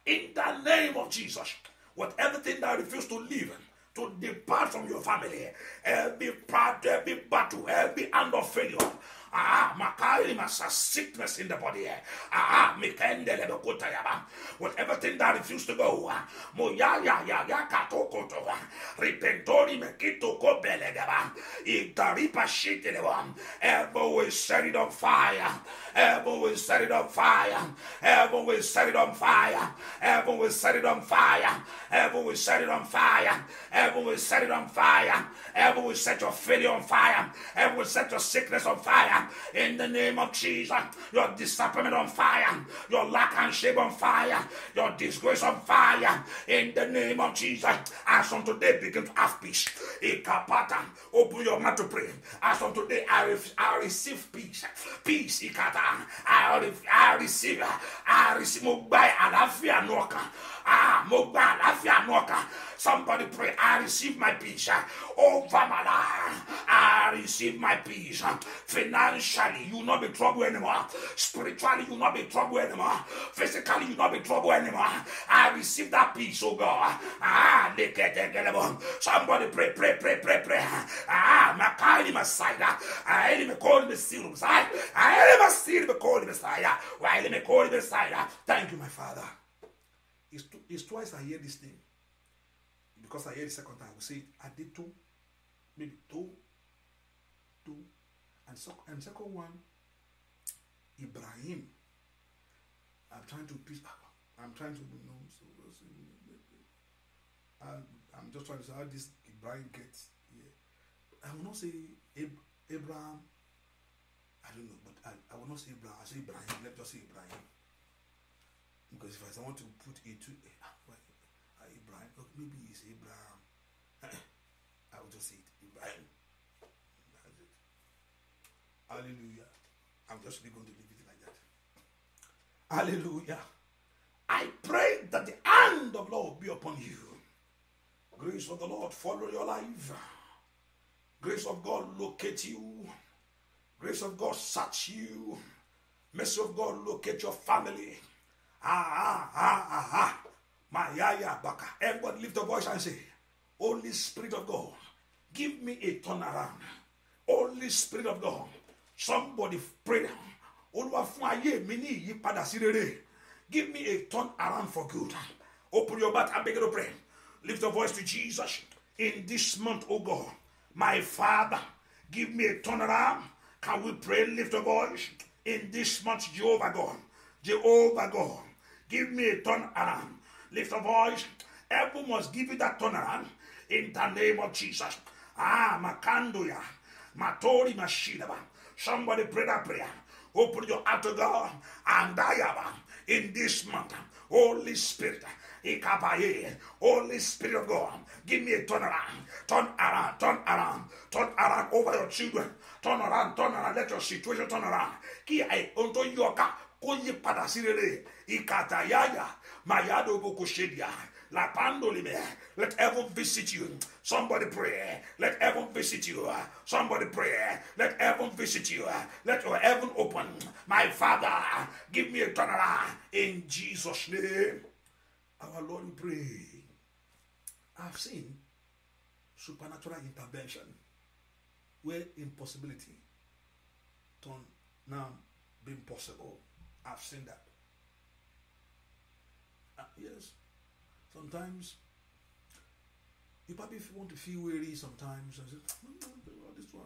In the name of Jesus, with everything that refuses to live, to depart from your family, every part, every battle, every hand of failure, Ah, Makailimas has sickness in the body. Ah, ah Mikendelebekotayaban. Whatever thing that refused to go. Ah, Moyaya yaya katoko ah, Repentori mekito ko belegaba. Intaripa shitelewan. Elbow will set it on fire. Elbow will set it on fire. Elbow will set it on fire. Elbow will set it on fire. Elbow will set it on fire. Elbow will set it on fire. Elbow will set your failure on fire. Elbow will set your sickness on fire. In the name of Jesus, your disappointment on fire, your lack and shame on fire, your disgrace on fire. In the name of Jesus, as from today begin to have peace. Ikapata, open your mouth to pray. As from today, I, re- I receive peace. Peace, Ikata. I, re- I receive. I receive. Mo gba àlàáfíà náà kan. Ah, Mokba, Lafia, Noka. Somebody pray, I receive my peace ah, over my life. I receive my peace. Ah. Financially, you will not be trouble anymore. Spiritually, you will not be trouble anymore. Physically, you will not be trouble anymore. I receive that peace, oh God. Ah, Somebody pray, pray, pray, pray, pray. Ah, Makali Messiah. I am called Messiah. I am a seal the ah, Messiah. Why am I the Messiah? Thank you, my Father. It's, two, it's twice I hear this name. Because I hear the second time, I will say I did two, maybe two, two. And, so, and second one, Ibrahim. I'm trying to piece. Ah, I'm trying to you know. So, so I'm, I'm just trying to see how this Ibrahim gets here. I will not say Ab- Abraham. I don't know, but I, I will not say Abraham. I say Ibrahim. Let's just say Ibrahim. Because if I want to put it to uh, eh, Abraham, ah, ah, okay, maybe it's Abraham. I will just say it, Abraham. That's it. Hallelujah. I'm just going to leave it like that. Hallelujah. I pray that the hand of Lord be upon you. Grace of the Lord follow your life. Grace of God locate you. Grace of God search you. Mercy of God locate your family. Ah, ah, ah, ah, ah. Mayaya Baka. Everybody lift your voice and say, Holy Spirit of God, give me a turnaround. Holy Spirit of God, somebody pray. Olúwa fún ayé mi ní Give me a turn around for good. Open your mouth and begin to pray. Lift your voice to Jesus. In this month, oh God, my Father, give me a turn around. Can we pray? Lift your voice. In this month, Jehovah God, Jehovah God, Give me a turn around. Lift a voice. Everyone must give you that turn around in the name of Jesus. Ah, Makanduya. Matori Mashinaba. Somebody pray that prayer. Open your heart to God and am in this month. Holy Spirit. Holy Spirit of God, give me a turn around, turn around, turn around, turn around over your children, turn around, turn around, let your situation turn around. Ki ai onto yoka kó yí padà sí rere ìkàtàyáyà mayado bokosedia lapandolime let heaven visit you somebody pray let heaven visit you somebody pray let heaven visit you let your heaven open my father give me a turnaround in jesus name our lord pray i've seen supernatural intervention where impossibility turn now being possible I've seen that. Uh, yes. Sometimes you probably want to feel weary sometimes and say, mm, this one.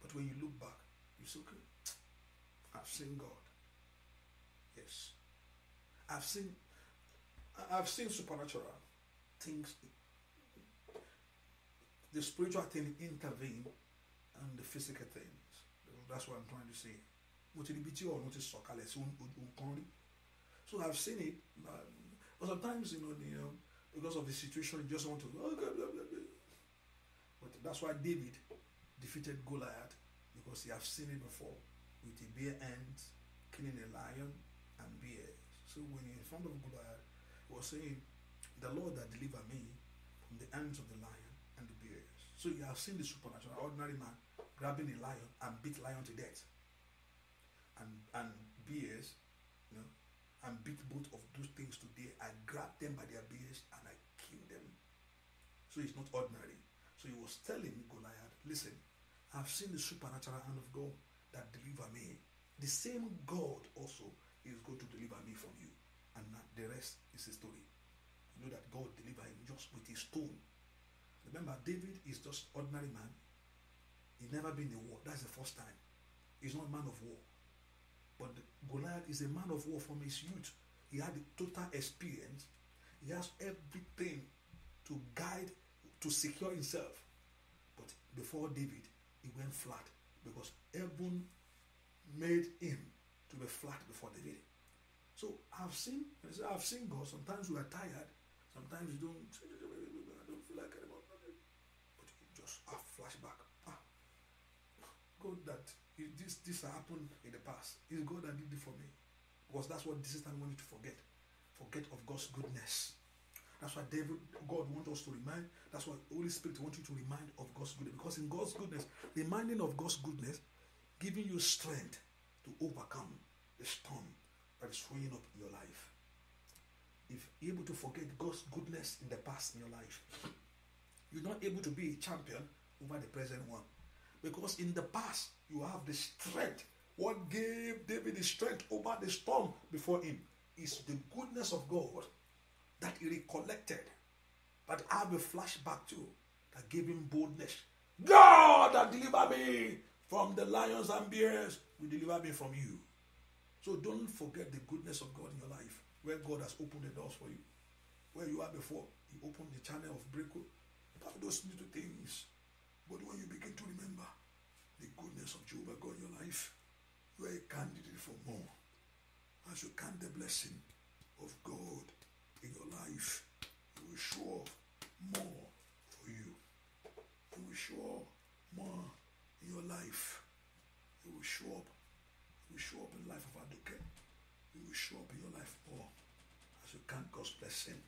But when you look back, you say, okay, I've seen God. Yes. I've seen I've seen supernatural things. The spiritual thing intervene and the physical things. That's what I'm trying to say. mo ti rí ibi tí ọ̀run ti sọ̀kalẹ̀ sí nǹkan rí so i have seen it but, sometimes you know, the, you um, know because of the situation you just want to oh, blah, blah, blah. but that's why David defeated Goliath because he have seen it before with a bear hand killing a lion and bear so when he in front of Goliath he was saying the Lord that deliver me from the hands of the lion and the bear so you have seen the supernatural ordinary man grabbing a lion and beat lion to death and and BS, you know, and beat both of those things today. I grabbed them by their bears and I killed them. So it's not ordinary. So he was telling Goliath, listen, I've seen the supernatural hand of God that deliver me. The same God also is going to deliver me from you. And the rest is a story. You know that God delivered him just with a stone. Remember, David is just ordinary man. He never been in war. That's the first time. He's not man of war. But Goliath is a man of war from his youth. He had total experience. He has everything to guide, to secure himself. But before David, he went flat because heaven made him to be flat before David. So I've seen, I've seen God. Sometimes we are tired. Sometimes you don't, I don't feel like anymore. But you just a flashback. Ah, God that this this happened in the past, it's God that did it for me. Because that's what this time wanted to forget. Forget of God's goodness. That's why David, God wants us to remind. That's why Holy Spirit wants you to remind of God's goodness. Because in God's goodness, reminding of God's goodness, giving you strength to overcome the storm that is swaying up your life. If you're able to forget God's goodness in the past in your life, you're not able to be a champion over the present one. Because in the past, you have the strength. What gave David the strength over the storm before him is the goodness of God that he recollected, But I have a flashback to, that gave him boldness. God that delivered me from the lions and bears will deliver me from you. So don't forget the goodness of God in your life, where God has opened the doors for you. Where you were before, He opened the channel of breakthrough. those little things but when you begin to remember the goodness of Jehovah God in your life, you are a candidate for more as you count the blessing of God in your life, you will show more for you. You will show up more in your life. You will show up. You will show up in the life of Aduke. You will show up in your life more as you count God's blessing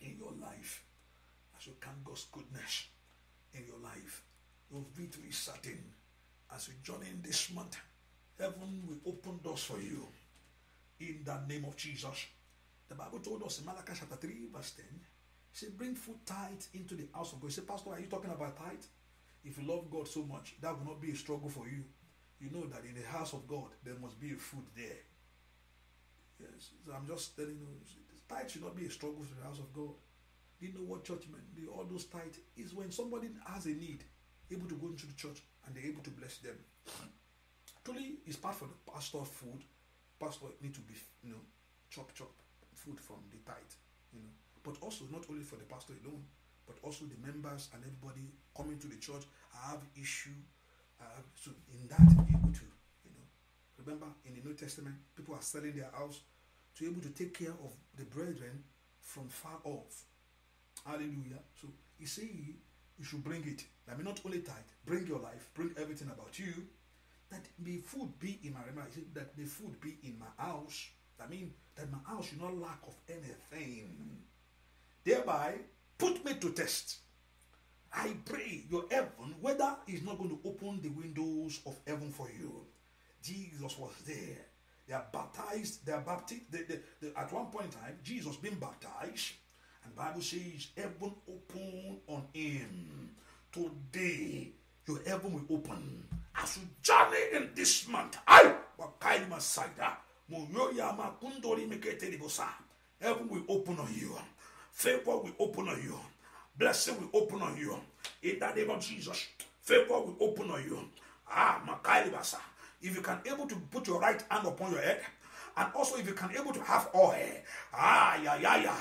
in your life, as you count God's goodness in your life. Your victory is certain. As you journey in this month, heaven will open doors for you. In the name of Jesus. The Bible told us in Malachi chapter 3, verse 10, say, bring food tithe into the house of God. You say, Pastor, are you talking about tithe? If you love God so much, that will not be a struggle for you. You know that in the house of God, there must be a food there. Yes, so I'm just telling you, tight should not be a struggle for the house of God. You know what church meant, the, all those tithe, is when somebody has a need, able to go into the church and they're able to bless them. Truly, it's part for the pastor food. Pastor need to be, you know, chop chop food from the tithe, you know. But also not only for the pastor alone, but also the members and everybody coming to the church. I have issue. Uh, so in that, able to, you know, remember in the New Testament, people are selling their house to able to take care of the brethren from far off Hallelujah. So you see, you should bring it. I mean, not only tithe, bring your life, bring everything about you. That the food be in my that the food be in my house. I mean, that my house should not lack of anything. Thereby, put me to test. I pray your heaven, whether is not going to open the windows of heaven for you. Jesus was there. They are baptized, they are baptized. They, they, they, at one point in time, Jesus being baptized, and Bible says, heaven open on him. Today, your heaven will open. As you journey in this month, I Wakai yama Muyoyama Kundori Mikete Ribosa, heaven will open on you. Favor will open on you. Blessing will open on you. In the name of Jesus, favor will open on you. Ah, Makai basa. If you can able to put your right hand upon your head, and also if you can able to have oil, ah, yeah, yeah, yeah.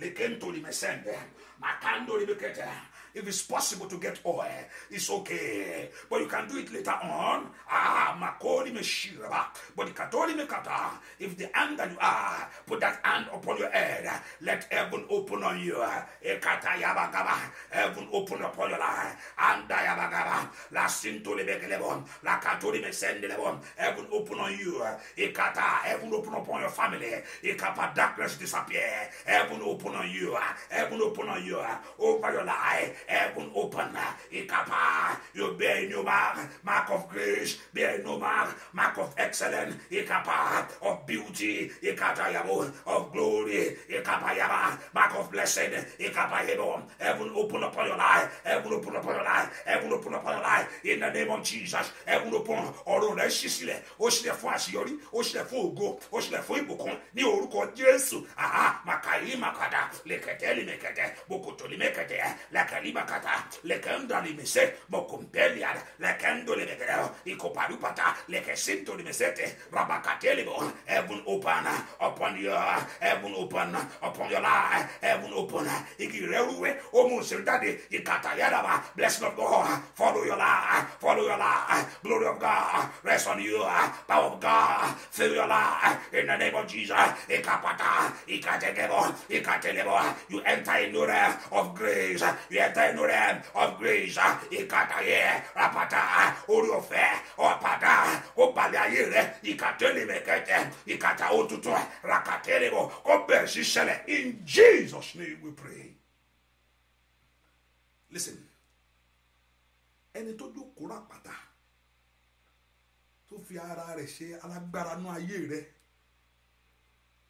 likentuli mesende makandoli bikete If it's possible to get oil, it's okay. But you can do it later on. Ah, me meshiraba. But the me mekata. If the hand that you are, put that hand upon your head. Let heaven open on you. Ekata yabagaba. Heaven open upon your life. And yabagaba. La sintole bekelebon. La katori mesendelebon. Heaven open on you. Ekata. Heaven open upon your family. kapa darkness disappear. Heaven open on you. Heaven open on you. Over your life heaven open. Ikapa, you bear new mark, mark of grace, bear new mark, mark of excellence, Ikapa, of beauty, Ikatayabo, of glory, Ikapayaba, mark of blessing, Ikapayabo, heaven open upon your life, heaven open upon your life, heaven open upon your life, in the name of Jesus, heaven open, ọ̀rọ̀ rẹ̀ ṣí sílẹ̀, ó ṣílẹ̀ fún àṣeyọrí, ó ṣílẹ̀ fún ògo, ó ṣílẹ̀ fún ìbùkún, Jésù, aha, makai màkàdà, lèkẹ̀tẹ̀ lèmẹ̀kẹ̀tẹ̀, bòkòtò lèmẹ̀kẹ̀tẹ̀, làkàlí libakata lekendo open upon your heaven open upon your life heaven open ikireruwe omusildade ikatayaraba blessing of God follow your life follow your life glory of God rest on you power of God fill your life in the name of Jesus ikapata ikategebo ikatelebo you enter into the of grace you enter of Greece, ah, Rapata, Uriofe, Opada, In Jesus' name we pray. Listen, ẹni tó dúkùú ràpàtà tó fi ara rẹ̀ ṣe alágbára nú ayé rẹ̀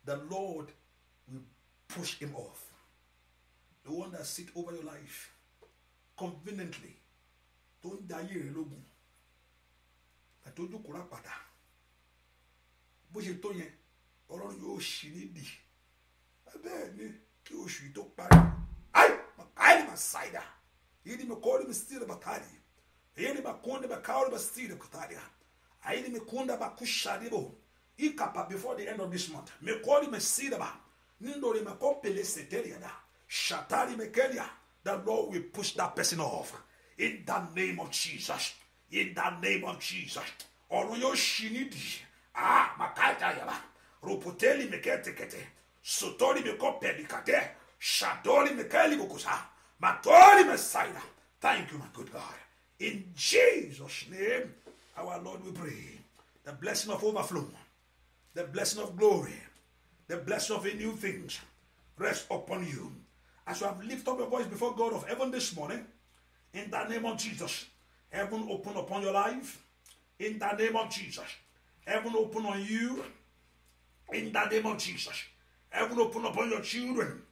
the Lord will push him off. The one that sit over your life. conveniently tó ń dayé rẹ lógun àtọ́jú kura padà bó ṣe tó yẹn ọlọ́run yóò ṣì nídìí bẹ́ẹ̀ ni kí oṣù yìí tó parí ayi ayi ma ṣáìdá èyí ni mi kọ́ ni mi sílẹ̀ bàtàlì èyí ni ma kún ni ma káwọ́ ni ma sílẹ̀ bàtàlì èyí ni mi kún ni ma kú ṣàdébò ikapa before the end of this month mi kọ́ ni mi sílẹ̀ bá nítorí mi kọ́ pèlè sètẹ́lì yẹn dá ṣàtàlì mi kẹ́lì yẹn. the Lord will push that person off. In the name of Jesus. In the name of Jesus. Ọ̀run yóò Ah, makaita yaba. Ruputeli meketekete. Sotori meko pelikate. Shadori mekeli bukusa. Matori mesaida. Thank you, my good God. In Jesus' name, our Lord, we pray. The blessing of overflow, the blessing of glory, the blessing of new things rest upon you. As you have lifted up your voice before God of heaven this morning, in the name of Jesus, heaven open upon your life. In the name of Jesus, heaven open on you. In the name of Jesus, heaven open upon your children.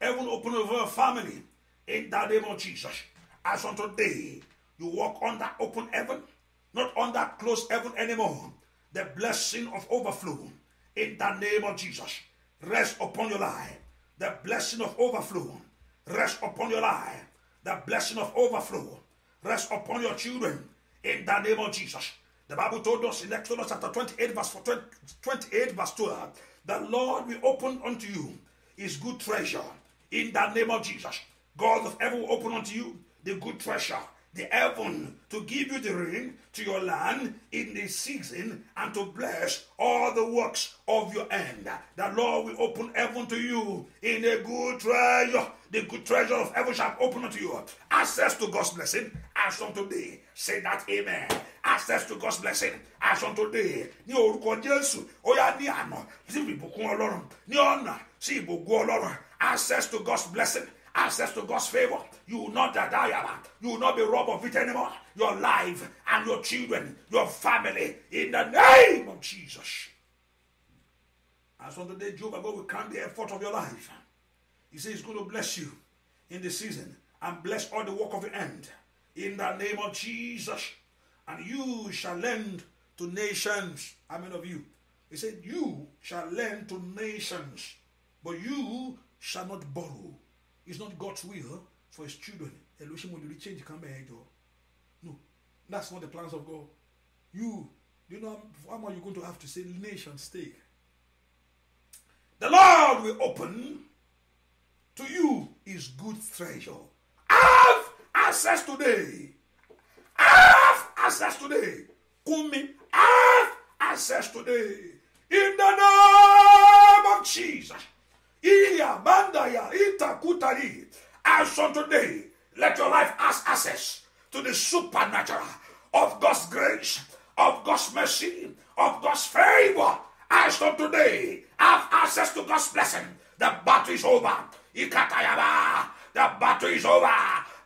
Heaven open over your family. In the name of Jesus, as on today, you walk on that open heaven, not on that closed heaven anymore. The blessing of overflow. In the name of Jesus, rest upon your life. The blessing of overflow Rest upon your life. The blessing of overflow. Rest upon your children in the name of Jesus. The Bible told us in Exodus chapter 28, verse 20, 28, verse two: the Lord will open unto you his good treasure in the name of Jesus. God of heaven will open unto you the good treasure the heaven to give you the rain to your land in the season and to bless all the works of your hand. The Lord will open heaven to you in a good treasure. The good treasure of heaven shall open unto you. Access to God's blessing as on today. Say that amen. Access to God's blessing as on today. Ní orúkọ Jésù, ó yá ní àná sí ìbùkún Ọlọ́run, ní ọ̀nà sí ìbùkún Ọlọ́run. Access to God's blessing access to God's favor. You will not die about. You will not be robbed of it anymore. Your life and your children, your family, in the name of Jesus. As the day Jehovah God will count the effort of your life. He says he's going to bless you in the season and bless all the work of your end, In the name of Jesus. And you shall lend to nations. How many of you? He said, You shall lend to nations, but you shall not borrow. It's not God's will for his children. change No. That's not the plans of God. You, you know how much you're going to have to say nation stake. The Lord will open to you his good treasure. Have access today. Have access today. Kumi, have access today. In the name of Jesus. Iya mandaya itakutali. As on today, let your life ask access to the supernatural of God's grace, of God's mercy, of God's favor. As on today, have access to God's blessing. The battle is over. Ikatayaba. The battle is over.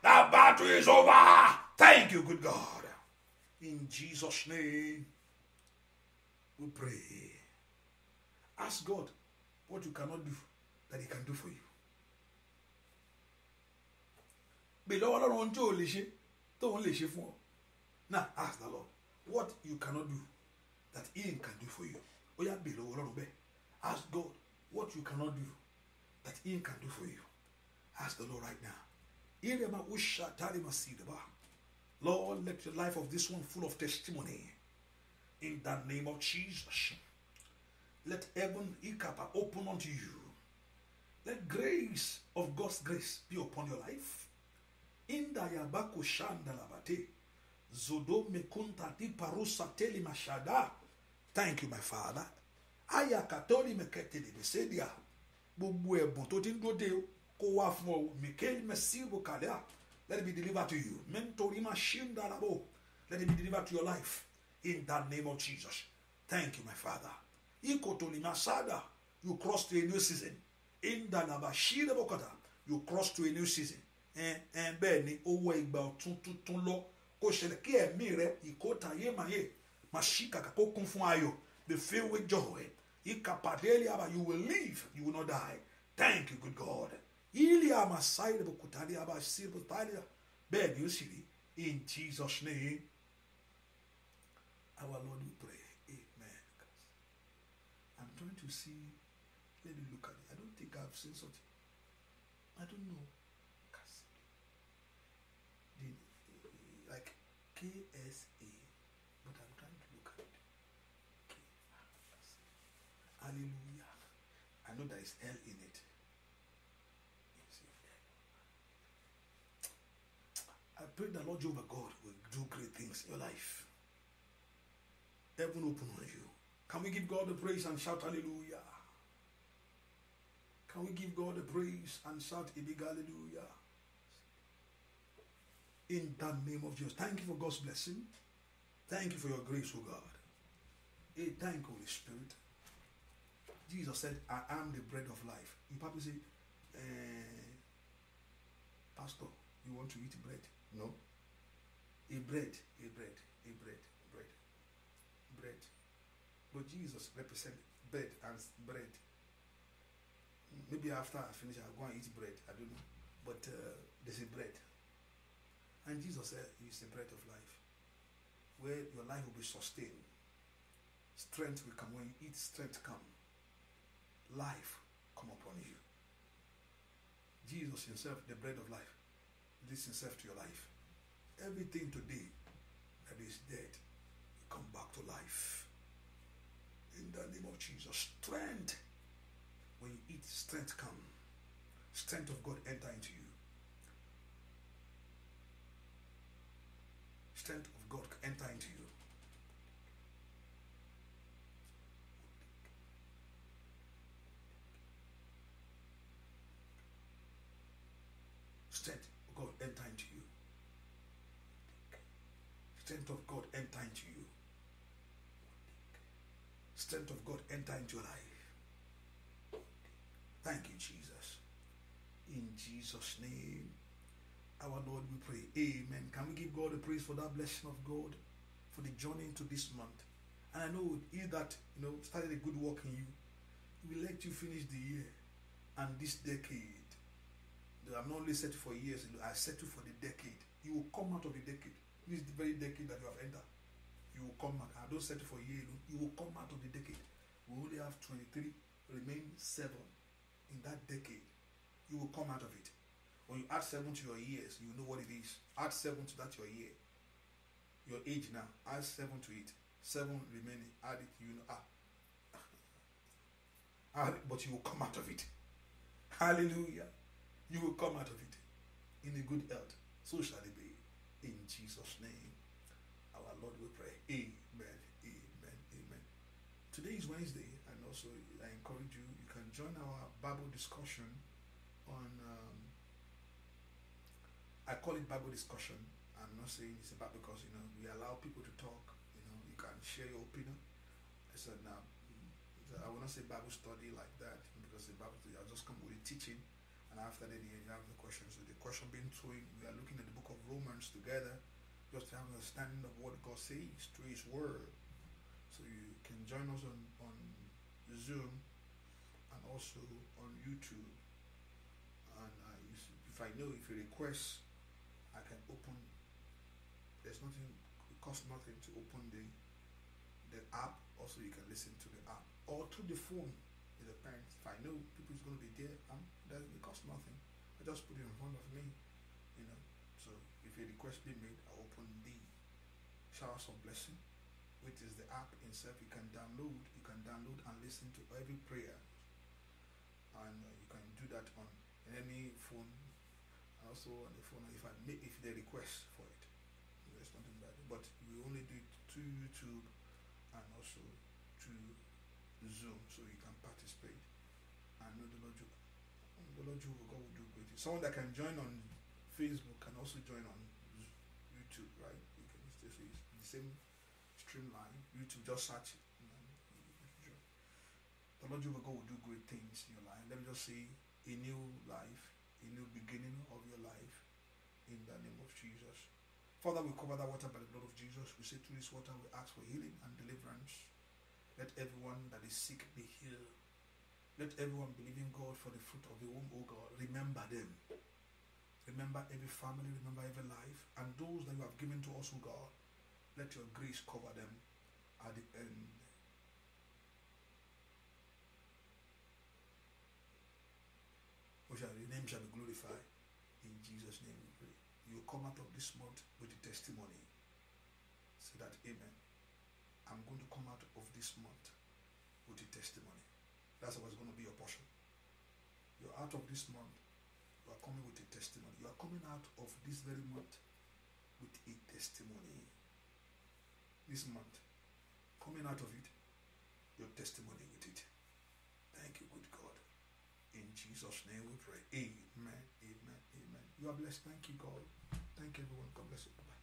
The battle is over. Thank you, good God. In Jesus' name, we pray. Ask God what you cannot do that he can do for you. gbè lọ́wọ́ ọlọ́run ohun tí ò lè now ask the lord what you cannot do that he can do for you ó yá gbè ask god what you cannot do that he can do for you ask the lord right now irema usha tarima sidaba lord let the life of this one full of testimony in the name of jesus let heaven ikapa open unto you the grace of God's grace be upon your life. In Indayabako shandalabate. Zodo mekunta di parusa teli mashada. Thank you, my father. Ayakatoli mekete de besedia. Gbogbo e ẹ̀bùn tó ti ń dóde kó wá fún ọ. me Mesibu Kalea. Let it be delivered to you. Mentori mashindarabo. Let it be delivered to your life. In the name of Jesus. Thank you, my father. Iko toli masada. You crossed a new season in danaba ṣíre bọ́kọ̀tà you cross to a new season eh, eh, bẹ́ẹ̀ ni ó wọ ìgbà ọ̀tun tuntun lọ kó ṣẹlẹ̀ kí ẹ̀mí rẹ ìkótayémayé máa ṣí kàkà kó kún fún ayọ̀ be filled with joy ikapàdélé àbá you will live you will not die thank you good God ilé àmà ṣáìrè bọ́kọ̀tàlé àbá ṣíre bọ́kọ̀tàlé bẹ́ẹ̀ ni ó sì rí in Jesus name our Lord we pray amen I'm trying to see have seen something. I don't know. The, like KSA, but I'm trying to look at it. Hallelujah. I know there is L in it. I pray the Lord Jehovah God will do great things in your life. Heaven open on you. Can we give God the praise and shout hallelujah? Can we give God a praise and shout a big hallelujah? In the name of Jesus. Thank you for God's blessing. Thank you for your grace, O God. Hey, thank Holy Spirit. Jesus said, I am the bread of life. You probably say, eh, Pastor, you want to eat bread? No. A bread, a bread, a bread, bread, bread. But Jesus represents bread and bread Maybe after I finish, I'll go and eat bread. I don't know. But uh, there's a bread. And Jesus said, It's the bread of life, where your life will be sustained. Strength will come. When you eat, strength come. Life come upon you. Jesus himself, the bread of life, leads himself to your life. Everything today that is dead will come back to life. In the name of Jesus. Strength when you eat, strength come. Strength of God enter into you. Strength of God enter into you. Strength of God enter into you. Strength of God enter into you. Strength of God enter into your life. Thank you, Jesus. In Jesus' name, our Lord, we pray. Amen. Can we give God a praise for that blessing of God for the journey into this month? And I know he that you know started a good work in you, he will let you finish the year and this decade. I'm not only set for years, I set you for the decade. You will come out of the decade. This very decade that you have entered. You will come out. I don't set for years; You will come out of the decade. We only have 23, remain seven in that decade, you will come out of it. When you add seven to your years, you know what it is. Add seven to that your year. Your age now, add seven to it. Seven remaining, add it, you know. Ah. add it, but you will come out of it. Hallelujah. You will come out of it in a good health. So shall it be. In Jesus' name, our Lord will pray. Amen. Amen. Amen. Today is Wednesday, and also I encourage you join our Bible discussion on. Um, I call it Bible discussion. I'm not saying it's about because you know we allow people to talk. You know, you can share your opinion. I said now, I will not say Bible study like that because the Bible study I just come with a teaching, and after that you have the questions. So the question being thrown, we are looking at the book of Romans together, just to have an understanding of what God says through His Word. So you can join us on on Zoom and also on YouTube. And uh, if I know if you request, I can open. There's nothing. It costs nothing to open the the app. Also, you can listen to the app or through the phone. It depends. If I know people is going to be there, um, that it costs nothing. I just put it in front of me, you know. So if a request be made, I open the showers of blessing, which is the app itself. You can download. You can download and listen to every prayer and you can do that on any phone also on the phone if I make if they request for it there's something that but you only do it to YouTube and also to Zoom so you can participate and know the logic the logic will God will do great someone that can join on Facebook can also join on YouTube right you can so it's the same streamline YouTube just search it the Lord Jehovah God will do great things in your life. Let me just say, a new life, a new beginning of your life in the name of Jesus. Father, we cover that water by the blood of Jesus. We say through this water, we ask for healing and deliverance. Let everyone that is sick be healed. Let everyone believe in God for the fruit of the womb, O oh God. Remember them. Remember every family, remember every life, and those that you have given to us, O oh God. Let your grace cover them at the end or shall your name shall be glorified. In Jesus' name we pray. You come out of this month with a testimony. Say that, Amen. I'm going to come out of this month with a testimony. That's what's going to be your portion. You're out of this month. You are coming with a testimony. You are coming out of this very month with a testimony. This month, coming out of it, your testimony with it. Thank you, good God. In Jesus' name we pray. Amen. Amen. Amen. You are blessed. Thank you, God. Thank everyone. God bless you. Bye.